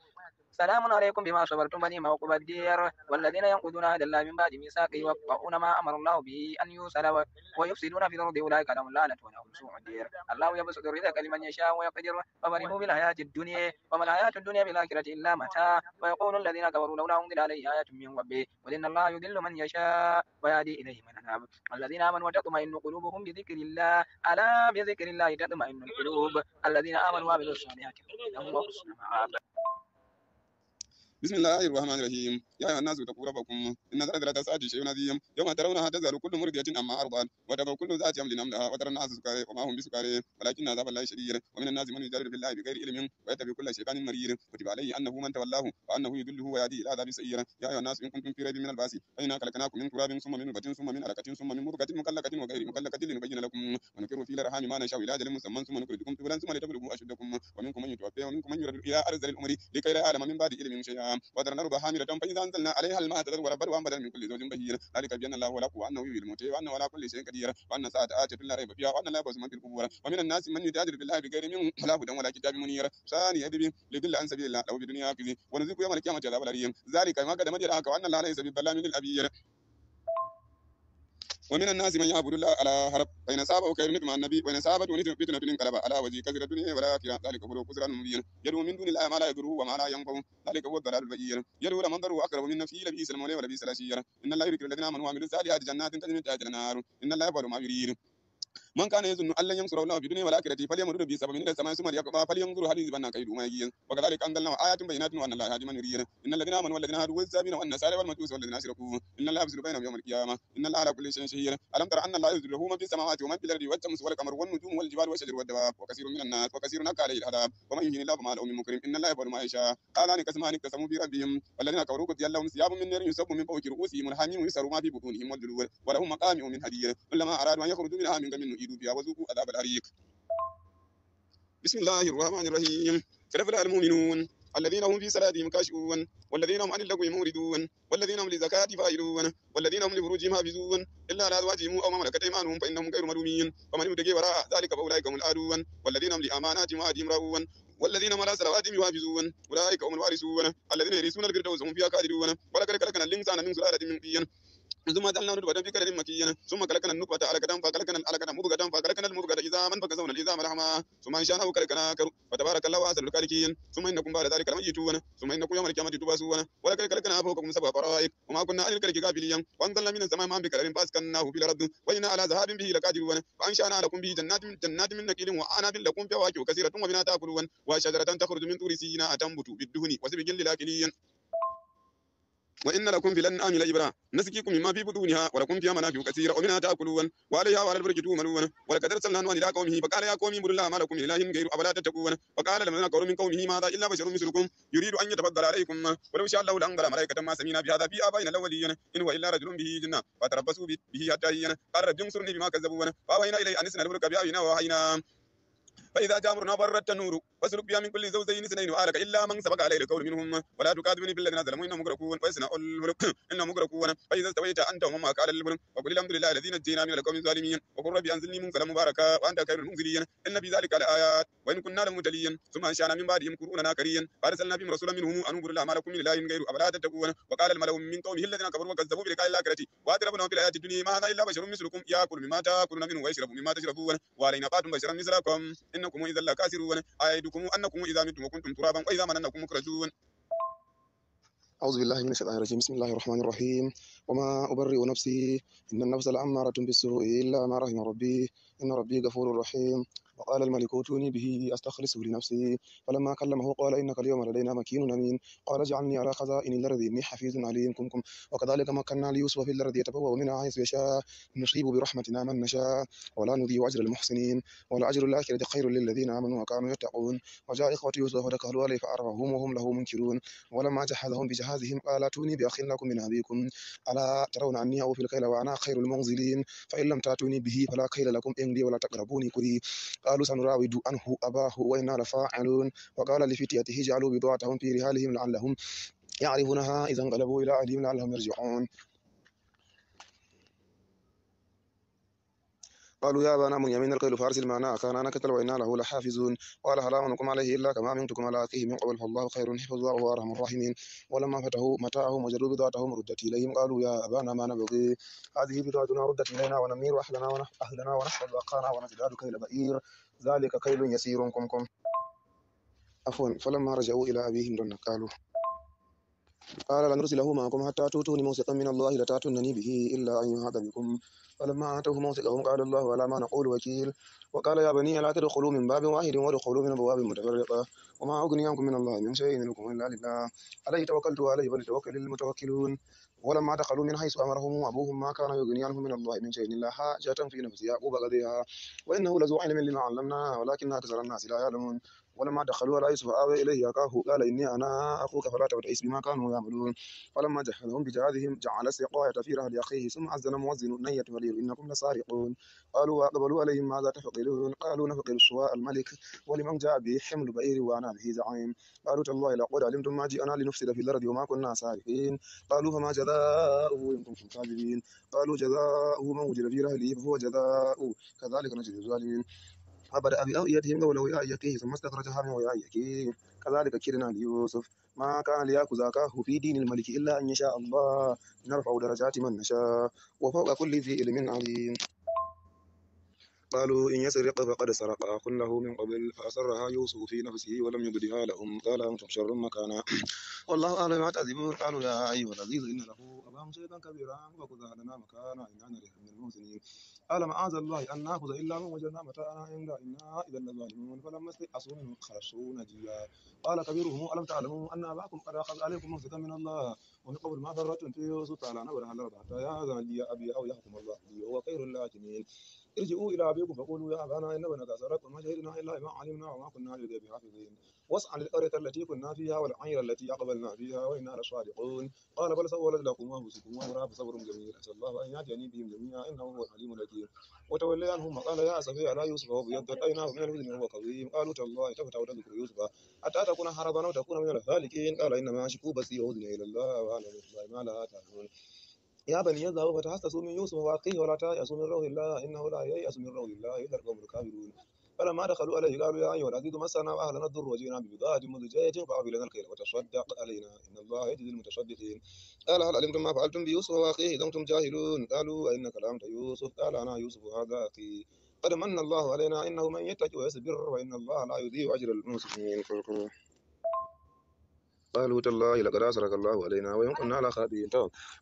سلام عليكم بما صبرتم ونعم عقبى الدير والذين ينقضون عهد الله من بعد ميثاقه ويقطعون ما امر الله به ان يوصل ويفسدون في الارض اولئك لهم اللعنه ولهم سوء الدير الله يبسط الرزق لمن يشاء ويقدر ففرحوا بالحياه الدنيا وما الحياه الدنيا بالاخره الا متاع ويقول الذين كفروا لولا انزل عليه ايه من ربه قل ان الله يذل من يشاء ويهدي اليه من اناب الذين امنوا وتطمئن قلوبهم بذكر الله الا بذكر الله تطمئن القلوب الذين امنوا وعملوا الصالحات لهم وحسن مآب بسم الله الرحمن الرحيم يا ايها الناس اتقوا ربكم ان زلزله الساعه شيء عظيم يوم ترونها تزال كل مرضيه عما ارضعت وتضع كل ذات حمل حملها وترى الناس سكارى وما هم بسكارى ولكن عذاب الله شديد ومن الناس من يجادل بالله بغير علم ويتبع كل شيطان مرير كتب عليه انه من تولاه وانه يضله ويهديه الى عذاب سعير يا ايها الناس ان كنتم في ريب من البعث فانا خلقناكم من تراب ثم من نطفه ثم من علقه ثم من مضغه مكلكه وغير مكلكه لنبين لكم ونقر في الارحام ما نشاء الى اجل مسمى ثم نخرجكم طفلا ثم لتبلغوا اشدكم ومنكم من يتوفى ومنكم من يرد الى ارذل الامر لكي لا يعلم من بعد علم شيئا وترى الأرض حاملة فإذا أنزلنا عليها الماء تذروا بروا بدل من كل زوج بهير ذلك بأن الله ولا قوة أنه يحيي الموتى وأنه على كل شيء قدير وأن الساعة آتية لا ريب فيها وأن لا يبعث من في القبور ومن الناس من يجادل بالله بغير من لا هدى ولا كتاب منير ثاني يدري ليضل عن سبيل الله لو بدنيا كذي ونذيق يوم القيامة عذاب الأليم ذلك ما قدمت يداك وأن الله ليس بظلام للأبير ومن الناس من يعبد الله على حرب فإن أصابه خير مع النبي وإن أصابته فتنة انقلب على وجه كثرة الدنيا ولا كرام ذلك هو خسران مبين يدعو من دون الله ما لا يضره وما لا ينفعه ذلك هو الضلال البين يدعو لمن ضره أقرب من نفسه لبئس المولى ولبئس الأشير إن الله يذكر الذين آمنوا وعملوا الصالحات جنات تجري من تحتها الأنهار إن الله يفعل ما يريد من كان يظن ان لن ينصر الله في الدنيا والاخره فليمدد به سبب من السماء ثم ليقطع فلينظر هل يذبنا كيد ما يجين وكذلك انزلنا ايات بينات وان الله هادي من يريد ان الذين امنوا والذين هادوا والسابين وان والنصارى والمجوس والذين اشركوا ان الله يفصل بينهم يوم القيامه ان الله على كل شيء شهير الم تر ان الله يذل له في السماوات ومن في الارض والشمس والقمر والنجوم والجبال والشجر والدواب وكثير من الناس وكثير نكى عليه العذاب ومن يهن الله فما له من مكرم ان الله يفعل ما يشاء هذان كسمان اقتسموا في ربهم والذين كفروا قد لهم ثياب من نار يصب من فوق رؤوسهم الحميم يسر ما في بطونهم والجلود ولهم مقامع من حديد كلما ارادوا ان يخرجوا منها من غم خالدين فيها وذوقوا عذاب الحريق بسم الله الرحمن الرحيم فلفلا المؤمنون الذين هم في صلاتهم كاشئون والذين هم عن اللغو موردون والذين هم لزكاة فائلون والذين هم لفروجهم حافظون إلا على أزواجهم أو ما ملكت أيمانهم فإنهم غير ملومين ومن يبتغي وراء ذلك فأولئك هم العادون والذين هم لأماناتهم وعهدهم راؤون والذين ملا على صلواتهم يحافظون أولئك هم الوارثون الذين يرثون الفردوس هم فيها خالدون ولقد خلقنا الإنسان من سلالة من طين ثم جعلنا نطفة في قدر مكينا ثم على النطفة علقة فخلقنا العلقة مبغة فخلقنا المبغة عظاما فكسونا العظام لحما ثم إن شاء أنشأناه خلقا آخر فتبارك الله أحسن الخالقين ثم إنكم بعد ذلك لميتون ثم إنكم يوم القيامة تبعثون ولقد خلقنا فوقكم سبع فرائك وما كنا عن الخلق غافلين وأنزلنا من السماء ماء بقدر فأسكناه في الأرض وإنا على ذهاب به لقادرون فأنشأنا لكم به جنات من جنات من نخيل وأعناب لكم فواكه كثيرة ومنها تأكلون وشجرة تخرج من طور سيناء تنبت بالدهن وسبج للآكلين وإن لكم في الأنعام لعبرة نسقيكم مما في بطونها ولكم فيها منافع كثيرة ومنها تأكلون وعليها وعلى البرج تؤمنون ولقد أرسلنا نوحا إلى قومه فقال يا قوم اعبدوا الله ما لكم من إله غيره أفلا تتقون وقال لمن كفر من قومه ماذا إلا بشر مثلكم يريد أن يتفضل عليكم ولو شاء الله لأنزل ملائكة ما سمعنا بهذا في آبائنا الأولين إن هو إلا رجل به جنة فتربصوا به حتى حين قال رب انصرني بما كذبون فأوحينا إليه أن نسنا الفلك بأبينا ووحينا فإذا جاء أمرنا برت النور واسلك بها من كل زوجين اثنين وآلك إلا من سبق عليه القول منهم ولا تكاذبني بالذين ظلموا إنهم مغرقون ويصنع الفلك إنهم مغرقون فإذا استويت أنت ومن معك على الفلك وقل الحمد لله الذي نجينا من القوم الظالمين وقل ربي أنزلني منزلا مباركا وأنت خير المنزلين إن في ذلك لآيات وإن كنا لمبتلين ثم أنشأنا من بعدهم قرونا ناكرين فأرسلنا بهم رسولا منهم أن الله ما لكم من إله غيره أفلا تتقون وقال الملأ من قومه الذين كفروا وكذبوا بلقاء الآخرة وأتربنا في الحياة الدنيا ما هذا إلا بشر مثلكم يأكل مما تأكلون منه ويشرب مما تشربون وعلينا فاتم بشرا مثلكم إنكم إذا لكاسرون أيدكم أنكم إذا متم وكنتم ترابا وإذا مننكم مخرجون أعوذ بالله من الشيطان الرجيم بسم الله الرحمن الرحيم وما أبرئ نفسي إن النفس لأمارة بالسوء إلا ما رحم ربي إن ربي غفور رحيم وقال الملك ائتوني به أستخلصه لنفسي فلما كلمه قال إنك اليوم لدينا مكين أمين قال اجعلني على خزائن الأرض إني حفيظ عليم كمكم وكذلك مكنا ليوسف في الأرض يتبوأ منها حيث يشاء نصيب برحمتنا من نشاء ولا نضيع أجر المحسنين والأجر الآخرة خير للذين آمنوا وكانوا يتقون وجاء إخوة يوسف ودخلوا عليه فعرفهم وهم له منكرون ولما جهزهم بجهازهم قال اتوني بأخ لكم من أبيكم ألا ترون أني أوفي الكيل وأنا خير المنزلين فإن لم تأتوني به فلا كيل لكم إن لي ولا تقربوني كري قالوا سنراود عنه أباه وإنا لفاعلون وقال لفتيته جعلوا بضاعتهم في رهالهم لعلهم يعرفونها إذا انقلبوا إلى أهلهم لعلهم يرجعون قالوا يا بنا من يمين القيل فارسل معنا أخانا نكتل وإنا له لحافظون قال فلا منكم عليه إلا كما منتكم على أخيه من قبل فالله خير حفظ الله أرحم الراحمين ولما فتحوا متاعهم وجدوا بضاعتهم ردت إليهم قالوا يا أبانا ما نبغي هذه بضاعتنا ردت إلينا ونمير أهلنا ونحفظ ونحفظ اقانا ونزداد كيل بئير ذلك كيل يسير كمكم عفوا فلما رجعوا إلى أبيهم قالوا قال لن نرسله معكم حتى تؤتوني موثقا من الله لتأتونني به إلا أن يهاد بكم فلما آتوه موثقهم قال الله على ما نقول وكيل وقال يا بني لا تدخلوا من باب واحد وادخلوا من أبواب متفرقة وما أغني عنكم من الله من شيء لكم إلا لله عليه توكلت وعليه فليتوكل المتوكلون ولما دخلوا من حيث أمرهم أبوهم ما كان يغني عنهم من الله من شيء إلا حاجة في نفس يعقوب قضيها وإنه لذو علم لما علمنا ولكن أكثر الناس لا يعلمون ولما دخلوا على يوسف آوى إليه أخاه قال إني أنا أخوك فلا تبتئس بما كانوا يعملون فلما جهلهم بجهادهم جعل سقاية في رحل أخيه ثم أذن موزن نية وليل إنكم لسارقون قالوا وأقبلوا عليهم ماذا تفقدون قالوا نفقد شواء الملك ولمن جاء به حمل بئير وأنا به زعيم قالوا تالله لقد علمتم ما جئنا لنفسد في الأرض وما كنا سارقين قالوا فما جزاؤه إن كنتم كاذبين قالوا جزاؤه من وجد في رحله فهو جزاؤه كذلك نجد الظالمين فبدأ بأوعيتهم الأولى وعي أخيه ثم استخرجها من وعي أخيه كذلك كدنا ليوسف ما كان ليأخذ أخاه في دين الملك إلا أن يشاء الله نرفع درجات من نشاء وفوق كل ذي علم عليم قالوا إن يسرق فقد سرق أخ له من قبل فأسرها يوسف في نفسه ولم يبدها لهم قال أنتم شر مكانا والله أعلم ما تعذبون قالوا يا أيها العزيز إن له أبا شيئا كبيرا وخذ أهلنا مكانا إن نريد من المحسنين قال معاذ الله أن نأخذ إلا من وجدنا متاعنا عند إنا إذا لظالمون فلما استيأسوا منه خرجوا نجيا قال كبيرهم ألم تعلموا أن أباكم قد أخذ عليكم مهلكا من الله ومن قبل ما فرطتم في يوسف على نبرها الأرض حتى يا أبي أو يحكم الله لي وهو خير اللاكمين ارجعوا الى ابيكم فقولوا يا ابانا ان بنك سرق وما شهدنا الا ما علمنا وما كنا للغيب حافظين واسال للقريه التي كنا فيها والعير التي اقبلنا فيها وانا لصادقون قال بل سولت لكم انفسكم وامرا فصبر جميل اسال الله ان ياتيني بهم جميعا انه هو العليم الحكيم وتولى عنهم وقال يا اسفي على يوسف وابيضت عيناه من الحزن وهو قويم قالوا تالله تفتح تذكر يوسف حتى تكون هربا وتكون من الهالكين قال انما اشكو بثي واذني الى الله الله ما لا تعلمون يا بني يذهب فتحسسوا من يوسف واخيه ولا تيأسوا من روح الله انه لا ييأس من روح الله الا القوم الكافرون فلما دخلوا عليه قالوا يا ايها العزيز مسنا واهلنا الضر وجئنا ببضاعه مزجاه فأعفي لنا الخير وتصدق علينا ان الله يجزي المتصدقين قال هل علمتم ما فعلتم بيوسف واخيه اذا انتم جاهلون قالوا انك لامت يوسف قال انا يوسف هذا اخي قد من الله علينا انه من يتقي ويصبر وان الله لا يضيع اجر المسلمين قالوا تالله لقد أسرك الله علينا وإن كنا خاطئين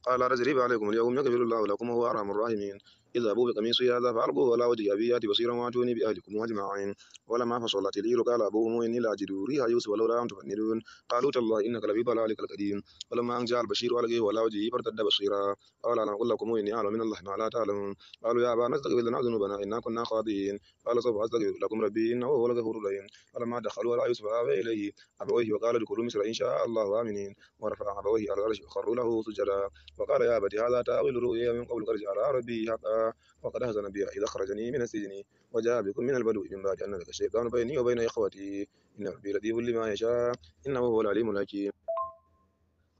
قال لا تجريب عليكم اليوم يغفر الله لكم وهو أرحم الراحمين اذهبوا بقميصي هذا فألقوه ولا وجه أبي يأتي بصيرا وأتوني بأهلكم أجمعين ولما فصلت العير قال أبوهم إني لأجد ريح يوسف ولولا أن تفندون قالوا تالله إنك لفي ضلالك القديم ولما أن جاء البشير عليه ولا وجهه فارتد بصيرا قال أنا أقول لكم إني أعلم من الله ما لا تعلمون قالوا يا ابا نستغفر لنا ذنوبنا إنا كنا خاطئين قال سوف أستغفر لكم ربي إنه هو الغفور الرحيم ولما دخلوا على يوسف ابى إليه أبويه وقال ادخلوا مصر إن شاء الله آمنين ورفع أبويه على العرش وخروا له سجدا وقال يا أبت هذا تأويل رؤيا من قبل قد ربي حقا وقد أهزن بي إذا أخرجني من السجن وجاء بكم من البدو من بعد أن لك الشيطان بيني وبين إخوتي إن ربي لطيف لما يشاء إنه هو العليم الحكيم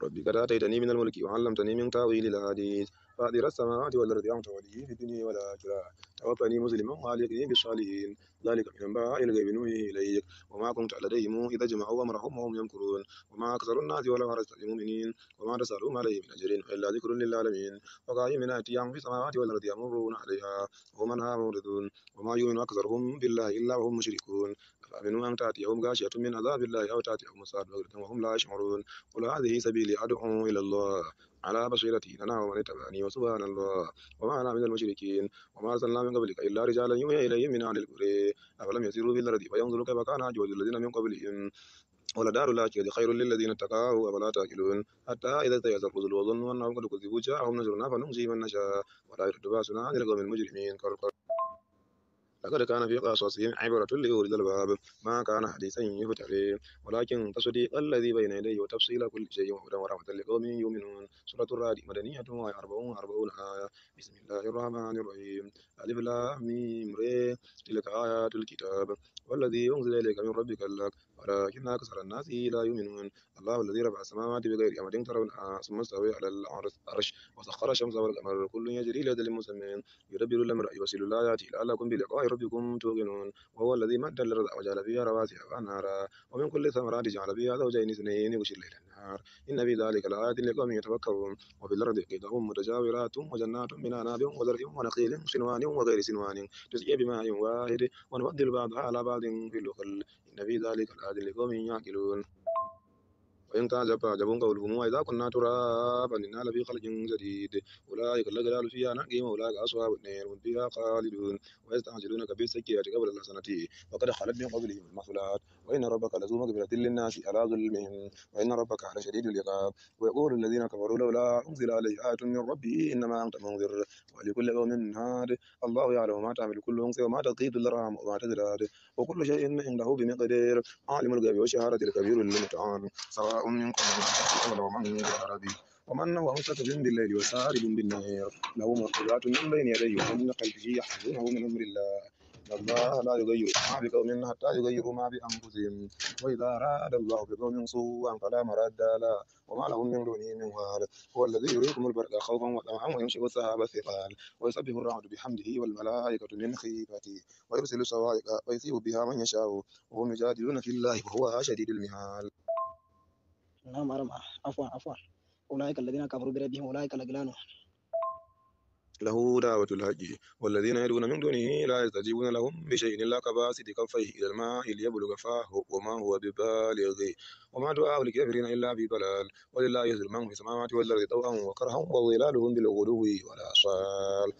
ربي قد آتيتني من الملك وعلمتني من تأويل الأحاديث فاطر السماوات والارض انت ولي في الدنيا والاخره توفني مسلما والحقني بالصالحين ذلك من انباء الغيب نوحي اليك وما كنت لديهم اذا جمعوا امرهم وهم يمكرون وما اكثر الناس ولو حرصت المؤمنين وما تسالهم عليه من اجر الا ذكر للعالمين وقائم من اتيهم في السماوات والارض يمرون عليها وهم عنها موردون وما يؤمن اكثرهم بالله الا وهم مشركون فامنوا ان تاتيهم غاشيه من عذاب الله او تاتيهم مصاد وهم لا يشعرون قل هذه سبيلي ادعو الى الله على بشيرتي لنا ومن اتبعني وسبحان الله وما أنا من المشركين وما أرسلنا من قبلك إلا رجالا يوحي إليهم من أهل القرى أفلم يسيروا في الأرض فينظروا كيف كان عجوز الذين من قبلهم ولدار الآخرة خير للذين اتقوا أفلا تأكلون حتى إذا تيأس الخزل وظنوا أنهم قد كذبوا جاءهم نزلنا فننجي من نشاء ولا يرد بأسنا عن القوم المجرمين لقد كان في قصصهم عبرة لأولي الألباب ما كان حديثا يفتح فيه ولكن تصديق الذي بين يديه وتفصيل كل شيء وهدى ورحمة لقوم يؤمنون سورة الرعد مدنية وهي أربعون أربعون آية بسم الله الرحمن الرحيم ألف لام ميم تلك آيات الكتاب والذي أنزل إليك من ربك الحق ولكن أكثر الناس لا يؤمنون الله الذي رفع السماوات بغير أمد ترونها ثم استوى على العرش وسخر الشمس والقمر كل يجري لأجل مسمى يدبر الأمر يوصل الآيات لعلكم بلقاء ربكم توقنون وهو الذي مد الأرض وجعل فيها رواسي وأنهارا ومن كل ثمرات جعل فيها زوجين اثنين يغشي الليل النهار إن في ذلك لآيات لقوم يتفكرون وفي الأرض قطع متجاورات وجنات من أناب وزرع ونخيل سنوان وغير سنوان تسقي بماء واحد ونفضل بعضها على بعض في الأخر في ذلك لآيات لقوم يعقلون وإن تعجب فعجب قولهم وإذا كنا ترابا إنا لفي خلق جديد أولئك الأغلال فيها أعناقهم أولئك أصحاب النير هم فيها خالدون ويستعجلونك بالسيئات قبل الحسنة وقد خلت من قبلهم المثلات وإن ربك لذو مغفرة للناس على ظلمهم وإن ربك على شديد العقاب ويقول الذين كفروا لولا أنزل عليه آية من ربي إنما أنت منذر ولكل قوم هاد الله يعلم ما تعمل كل أنس وما تقيد الأرحام وما تزداد وكل شيء عنده بمقدير عالم الغيب وشهادة الكبير المتعان سواء من قبل الأول ومن يدعى العربي ومن هو مسك الليل وسارب بالنهار له مرتبات من بين يديه ومن قلبه يحفظونه من أمر الله الله لا يغير ما بقوم حتى يغيروا ما بأنفسهم وإذا أراد الله بقوم سوءا فلا مرد له وما لهم من دونه من وال هو الذي يريكم البرق خوفا وطمعا ويمشي السحاب الثقال ويسبح الرعد بحمده والملائكة من خيفته ويرسل الصواعق فيصيب بها من يشاء وهم يجادلون في الله وهو شديد المهال نعم ارمى عفوا عفوا اولئك الذين كفروا بربهم اولئك الاغلال له دعوة الحج والذين يدعون من دونه لا يستجيبون لهم بشيء إلا كباسط كفيه إلى الماء ليبلغ فاه وما هو ببالغه وما دعاء الكافرين إلا في ولله يسجد من في السماوات والأرض طوعا وكرها وظلالهم بالغدو والآصال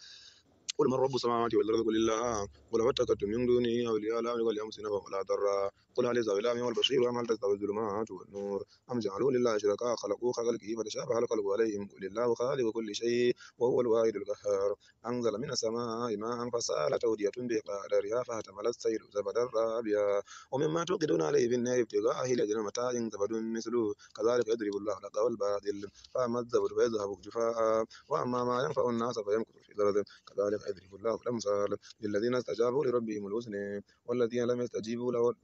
قل من رب السماوات والارض قل الله قل اتخذتم من دونه اولياء لا يملكون لهم سنفا ولا ضرا قل هل يستوي الاعمى والبصير ام هل تستوي الظلمات والنور ام جعلوا لله شركاء خلقوا خلقه فتشابه الخلق عليهم قل الله خالق كل شيء وهو الواحد القهار انزل من السماء ماء فسالت اودية بقدرها فاحتمل السيل زبدا رابيا ومما توقدون عليه في النار ابتغاء اهل جنة متاع زبد مثله كذلك يضرب الله الحق والباطل فاما الزبد فيذهب جفاء واما ما ينفع الناس فيمكث في الارض كذلك يدرك الله في الامثال للذين استجابوا لربهم الحسنى والذين لم يستجيبوا له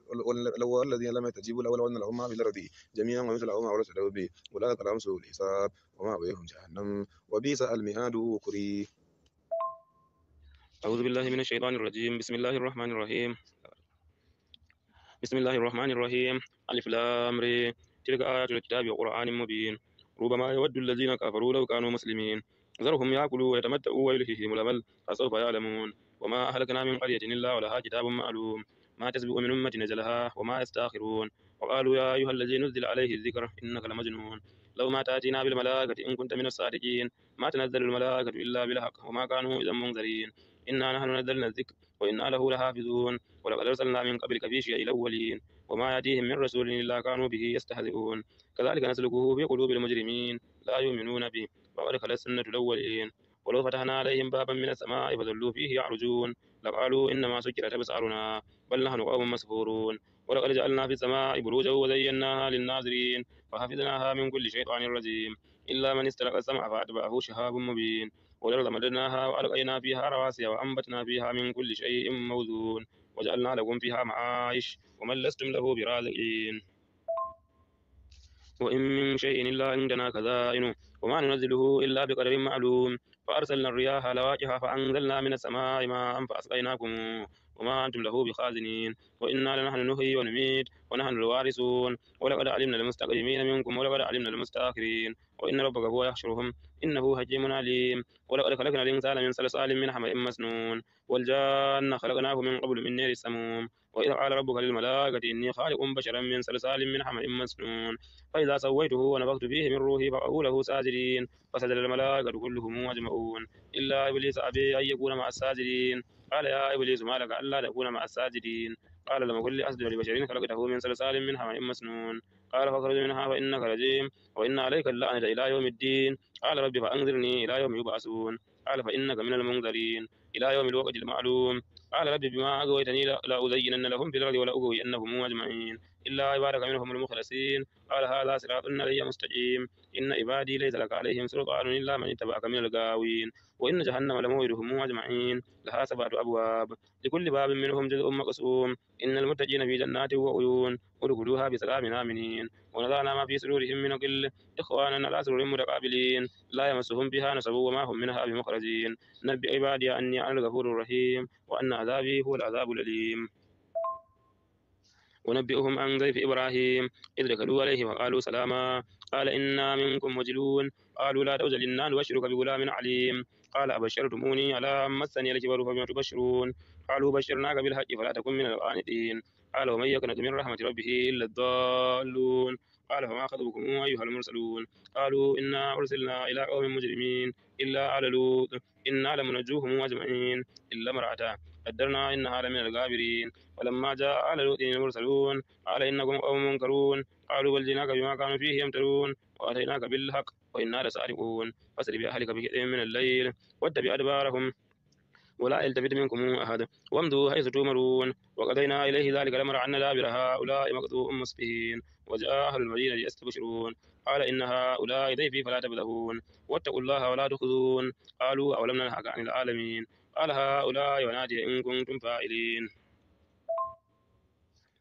والذين لم يستجيبوا له ولو أن لهم ما في الأرض جميعا ومثله معه ورسله به أولئك لهم سوء الحساب وما ومأويهم جهنم وبئس المهاد كريه أعوذ بالله من الشيطان الرجيم بسم الله الرحمن الرحيم بسم الله الرحمن الرحيم ألف لام تلك آيات الكتاب وقرآن مبين ربما يود الذين كفروا لو كانوا مسلمين ذرهم يأكلوا ويتمتعوا ويلهيهم الأمل فسوف يعلمون وما أهلكنا من قرية إلا ولها كتاب معلوم ما تسبق من أمة نزلها وما يستأخرون وقالوا يا أيها الذي نزل عليه الذكر إنك لمجنون لو ما تأتينا بالملائكة إن كنت من الصادقين ما تنزل الملائكة إلا بالحق وما كانوا إذا منذرين إنا نحن نزلنا الذكر وإنا له لحافظون ولقد أرسلنا من قبلك في شيء الأولين وما يأتيهم من رسول إلا كانوا به يستهزئون كذلك نسلكه في قلوب المجرمين لا يؤمنون به وبارك على السنة الأولين ولو فتحنا عليهم بابا من السماء فظلوا فيه يعرجون لقالوا إنما سكرت أبصارنا بل نحن قوم مسحورون ولقد جعلنا في السماء بروجا وزيناها للناظرين فحفظناها من كل شيطان رجيم إلا من استلق السمع فأتبعه شهاب مبين والأرض مددناها وألقينا فيها رواسي وأنبتنا فيها من كل شيء موزون وجعلنا لكم فيها معايش ومن لستم له برازقين وإن من شيء إلا عندنا خزائنه وما ننزله إلا بقدر معلوم فأرسلنا الرياح لواجها فأنزلنا من السماء ماء فأسقيناكم وما أنتم له بخازنين وإنا لنحن نحيي ونميت ونحن الوارثون ولقد علمنا المستقدمين منكم ولقد علمنا المستأخرين وإن ربك هو يحشرهم إنه حكيم عليم ولقد خلقنا الإنسان من صلصال من حمإ مسنون والجان خلقناه من قبل من نير السموم وإذا قال ربك للملائكة إني خالق بشرا من صلصال من حمل مسنون فإذا سويته ونفخت فيه من روحي فقعوا له ساجدين فسجد الملائكة كلهم أجمعون إلا إبليس أبي أن يكون مع الساجدين قال يا إبليس ما لك ألا تكون مع الساجدين قال لما كل أسجد لبشر خلقته من صلصال من حمل مسنون قال فاخرج منها فإنك رجيم وإن عليك اللعنة إلى يوم الدين قال رب فأنظرني إلى يوم يبعثون قال فإنك من المنذرين إلى يوم الوقت المعلوم قال رب بما أغويتني لأزينن لهم في الأرض ولأغوينهم أجمعين إلا عبادك منهم المخلصين قال هذا صراط علي مستقيم إن عبادي ليس لك عليهم سلطان إلا من اتبعك من الغاوين وإن جهنم لموعدهم أجمعين لها سبعة أبواب لكل باب منهم جزء مقسوم إن المتقين في جنات وعيون ادخلوها بسلام آمنين ونزعنا ما في صدورهم من قل إخوانا على سرور متقابلين لا يمسهم بها نصب وما هم منها بمخرجين نبئ عبادي أني أنا الغفور الرحيم وأن عذابي هو العذاب الأليم ونبئهم عن ضيف إبراهيم إذ دخلوا عليه وقالوا سلاما قال إنا منكم وجلون قالوا لا توجل إنا نبشرك بغلام عليم قال أبشرتموني على مسني الكبر فبما تبشرون قالوا بشرناك بالحق فلا تكن من القانطين قال ومن يقنط من رحمة ربه إلا الضالون قال فما خطبكم أيها المرسلون قالوا إنا أرسلنا إلى قوم مجرمين إلا على لوط إنا لمنجوهم أجمعين إلا امرأته قدرنا إنها لمن الغابرين ولما جاء على لوط المرسلون قال إنكم قوم منكرون قالوا بل جئناك بما كانوا فيه يمترون وأتيناك بالحق وإنا لسارقون فاسر بأهلك بكثير من الليل واتبع أدبارهم ولا يلتفت منكم أحد وامضوا حيث تؤمرون وقضينا إليه ذلك الأمر عن دابر هؤلاء مقطوع مصبحين وجاء أهل المدينة يستبشرون قال إن هؤلاء ضيفي فلا تبدهون واتقوا الله ولا تخذون قالوا أولم ننهك عن العالمين على هؤلاء ونادي إن كنتم فاعلين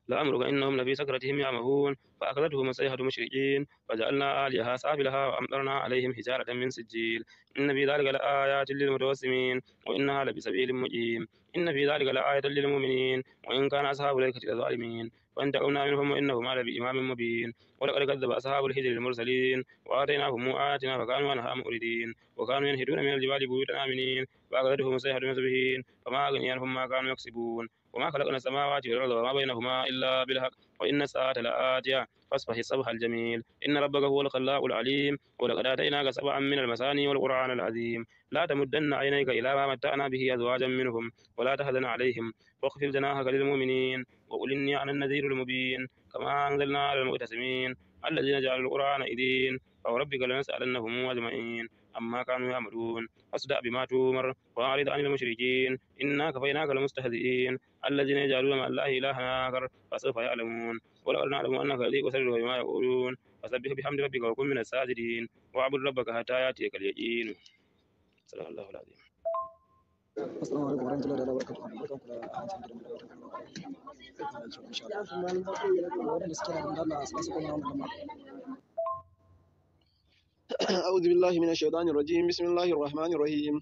لأمرك إنهم لفي سكرتهم يعمهون فأخذتهم صيحة مشرقين فجعلنا آليها سافلها وأمطرنا عليهم حجارة من سجيل إن في ذلك لآيات للمتوسمين وإنها لبسبيل مجيم إن في ذلك لآية للمؤمنين وإن كان أصحاب الأيكة الظالمين وإن دعونا منهم إنه على بإمام مبين ولقد كذب أصحاب الحجر المرسلين وآتيناهم آتنا فكانوا عنها مؤردين وكانوا ينهدون من الجبال بيوتا آمنين فأخذتهم الصيحة مصبحين فما أغني عنهم ما كانوا يكسبون وما خلقنا السماوات والأرض وما بينهما إلا بالحق وإن الساعة لآتية فاصفح الصبح الجميل إن ربك هو الخلاق العليم ولقد آتيناك سبعا من المساني والقرآن العظيم لا تمدن عينيك إلى ما متعنا به أزواجا منهم ولا تحزن عليهم واخفض جناحك للمؤمنين وقل إني أنا النذير المبين كما أنزلنا على المؤتسمين الذين جعلوا القرآن ايدين فوربك لنسألنهم أجمعين أما كانوا يعملون فاصدع بما تؤمر وأعرض عن المشركين إنا كفيناك المستهزئين الذين يجعلون مع الله إلها آخر فسوف يعلمون ولقد نعلم أنك يضيق سر بما يقولون فسبح بحمد ربك وكن من الساجدين واعبد ربك حتى يأتيك اليقين صدق الله العظيم السلام عليكم ورحمة الله وبركاته. أعوذ بالله من الشيطان الرجيم بسم الله الرحمن الرحيم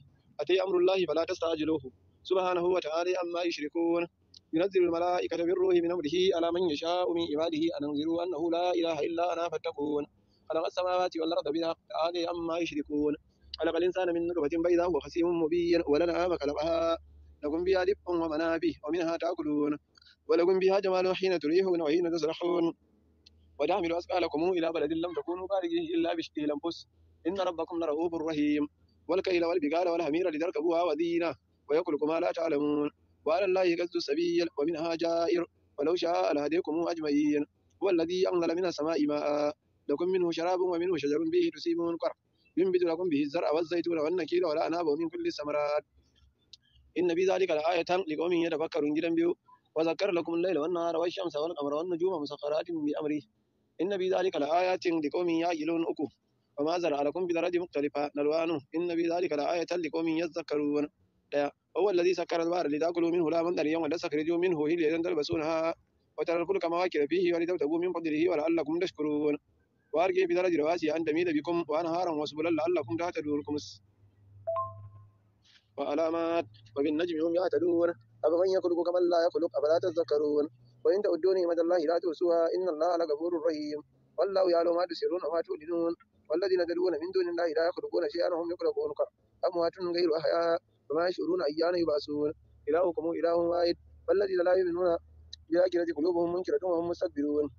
أتي أمر الله فلا تستعجلوه سبحانه وتعالى أما يشركون ينزل الملائكة بالروح من أمره على من يشاء من عباده أن أنذروا أنه لا إله إلا أنا فاتقون خلق السماوات والأرض بالحق تعالى أما يشركون خلق الإنسان من نطفة بيضاء وخسيم مبين ولنا فخلقها لكم بها دفء ومنافع ومنها تأكلون ولكم بها جمال حين تريحون وحين تسرحون وتحملوا أثقالكم إلى بلد لم تكونوا بارجه إلا بشق الأنفس إن ربكم لرؤوف رحيم والكيل والبقال والهمير لتركبوها وزينة ويخلق ما لا تعلمون وعلى الله قصد السبيل ومنها جائر ولو شاء لهديكم أجمعين هو الذي أنزل من السماء ماء لكم منه شراب ومنه شجر به تسيمون قرح ينبت لكم به الزرع والزيتون والنكيل والأناب ومن كل الثمرات إن في ذلك لآية لقوم يتفكرون جدا بيو وذكر لكم الليل والنهار والشمس والقمر والنجوم مسخرات بأمره إن في ذلك لآيات لقوم يعقلون أكو وما زرع لكم بالأرض مختلفة نلوانه إن في ذلك لآية لقوم يذكرون هو الذي سكر البحر لتأكلوا منه لا من اليوم لتستخرجوا منه هي هليا تلبسونها وترى الفلك مواكب فيه ولتبتغوا من فضله ولعلكم تشكرون وأرجع في درج رواسي أن تميد بكم وأنهارا وسبلا لعلكم تهتدون الكمس وعلامات وبالنجم هم يهتدون أفمن يخلق كمن لا يخلق أفلا تذكرون وإن تؤدوني مدى الله لا توسوها إن الله لغفور رحيم والله يعلم ما تسرون وما تعلنون والذين تدعون من دون الله لا يخلقون شيئا وهم يخلقون أموات غير أحياء وما يشعرون أيان يبعثون إلهكم إله واحد والذين لا يؤمنون بآخرة قلوبهم منكرة وهم مستكبرون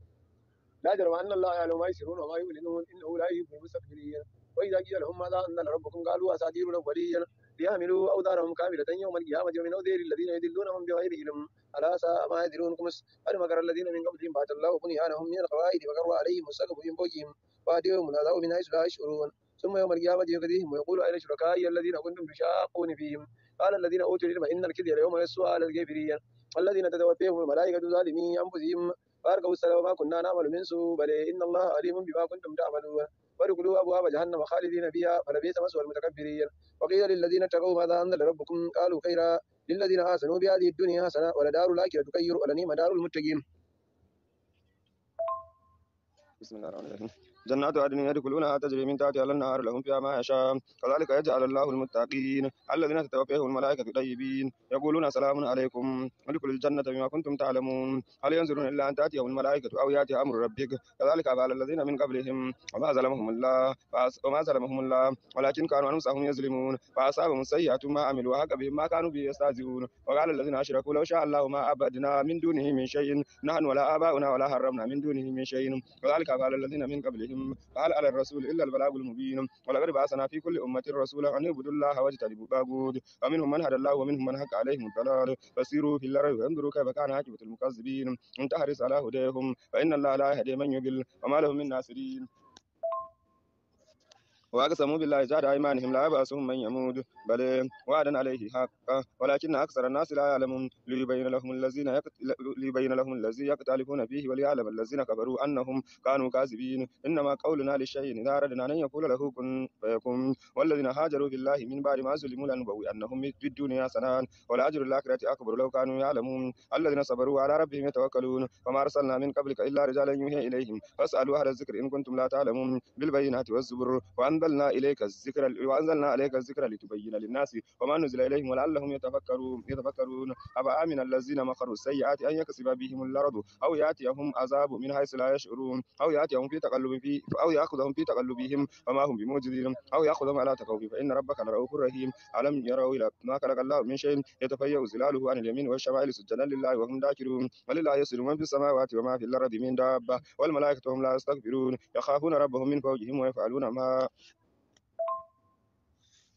لا جرم أن الله يعلم ما يسرون وما يعلنون إنه لا يحب المستكبرين وإذا قيل لهم ماذا أنزل ربكم قالوا أساطير الأولين ليعملوا أوزارهم كاملة يوم القيامة ومن أوزير الذين يدلونهم بغير علم ألا ساء ما يدلون كمس ألم مكر الذين من قبلهم بعث الله بنيانهم من القواعد وقروا عليهم السقف من فوقهم وآتيهم العذاب من حيث لا يشعرون ثم يوم القيامة يقضيهم ويقول أين شركائي الذين كنتم تشاقون فيهم قال الذين أوتوا العلم إن الكذب اليوم يسوى على الكافرين الذين تتوفيهم الملائكة ظالمي أنفسهم فارقوا السلام وما كنا نعمل من سوء بل إن الله عليم بما كنتم تعملون وادخلوا أبواب جهنم خالدين فيها فلبئس مثوى المتكبرين وقيل للذين اتقوا ماذا أنزل ربكم قالوا خيرا للذين آسنوا بهذه الدنيا حسنة ولدار الآخرة خير ولنعم دار المتقين بسم الله الرحمن الرحيم جنات عدن يدخلونها تجري من تحتها النهار لهم فيها ما يشاء كذلك يجعل الله المتقين الذين تتوفيهم الملائكة طيبين يقولون سلام عليكم ادخلوا الجنة بما كنتم تعلمون هل ينظرون إلا أن تأتيهم الملائكة أو يأتي أمر ربك كذلك فعل الذين من قبلهم وما ظلمهم الله وما ظلمهم الله ولكن كانوا أنفسهم يظلمون فأصابهم السيئات ما عملوا وهك بهم ما كانوا به يستهزئون وقال الذين أشركوا لو شاء الله ما عبدنا من دونه من شيء نحن ولا آباؤنا ولا حرمنا من دونه من شيء كذلك فعل الذين من قبلهم عليهم قال على الرسول إلا البلاغ المبين ولقد بعثنا في كل أمة رسولا أن يعبدوا الله واجتنبوا الطاغوت ومنهم من هدى الله ومنهم من حق عليهم الضلال فسيروا في الأرض وانظروا كيف كان عاقبة المكذبين إن تحرص على هداهم فإن الله لا يهدي من يضل وما لهم من ناصرين وأقسموا بالله جهد أيمانهم لا يبأسهم من يموت بل وعدا عليه حقا ولكن أكثر الناس لا يعلمون ليبين لهم الذين يقت... ليبين لهم الذي يختلفون فيه وليعلم الذين كفروا أنهم كانوا كاذبين إنما قولنا للشيء إذا أردنا أن يقول له كن فيكون والذين هاجروا في الله من بعد ما ظلموا انهم في الدنيا سنان والاجر الآخرة أكبر لو كانوا يعلمون الذين صبروا على ربهم يتوكلون وما أرسلنا من قبلك إلا رجالا يوحي إليهم فاسألوا أهل الذكر إن كنتم لا تعلمون بالبينات والزبر وأنزلنا إليك الذكر وأنزلنا عليك الذكر لتبين أنزل للناس وما نزل إليهم ولعلهم يتفكرون يتفكرون أفأمن الذين مكروا السيئات أن يكسب بهم الأرض أو يأتيهم عذاب من حيث لا يشعرون أو يأتيهم في تقلب في أو يأخذهم في تقلبهم وما هم بمعجزين أو يأخذهم على تخوف فإن ربك لرؤوف رحيم ألم يروا إلى ما خلق الله من شيء يتفيأ ظلاله عن اليمين والشمال سجدا لله وهم داكرون ولله يسر من في السماوات وما في الأرض من دابة والملائكة هم لا يستكبرون يخافون ربهم من فوقهم ويفعلون ما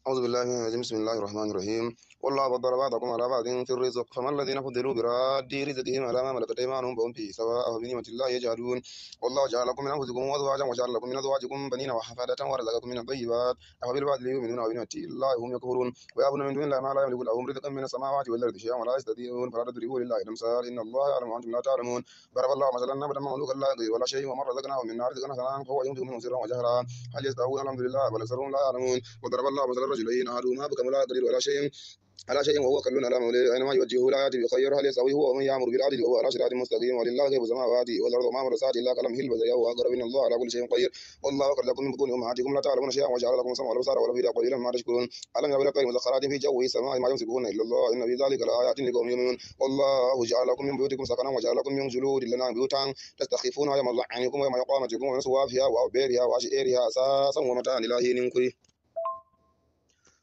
أعوذ بالله من الرجيم بسم الله الرحمن الرحيم والله فضل بعضكم على بعض في الرزق فما الذين فضلوا براد رزقهم على ما ملكت أيمانهم فهم فيه سواء بنعمة الله يجعلون والله جعل لكم من أنفسكم أزواجا وجعل لكم من أزواجكم بنين وحفادة ورزقكم من الطيبات أفبالبعض يؤمنون وبنعمة الله هم يكفرون ويعبدون من دون الله ما لا يملك لهم رزقا من السماوات والأرض شيئا ولا يستطيعون فلا تدركوا لله الأمثال إن الله يعلم وأنتم لا تعلمون ضرب الله مثلا نبدا مملوكا لا يقدر ولا شيء ومن رزقناه منا رزقا حسنا فهو ينفق منه سرا وجهرا هل يستوون الحمد لله بل أكثرهم لا يعلمون وضرب الله مثلا رجلين ما بكم ولا دليل ولا شيء على شيء وهو كل على مولى انما يوجهه لا يدري بخير هل يسوي هو ومن يامر بالعدل وهو على صراط مستقيم ولله غيب السماوات والارض وما مرسات الا كلام هل وهو اقرب ان الله على كل شيء قدير والله اكبر لكم من بطون امهاتكم لا تعلمون شيئا وجعل لكم السمع والابصار والافئده قليلا ما تشكرون الم يرى الطير مزخرات في جو السماء ما يمسكون الا الله ان في ذلك لايات لقوم يؤمنون والله جعل لكم من بيوتكم سكنا وجعل لكم من جلود لنا بيوتا تستخفون يوم الله عنكم ويوم اقامتكم ومن سوافها وبيرها واشئرها اساسا ومتاعا الى حين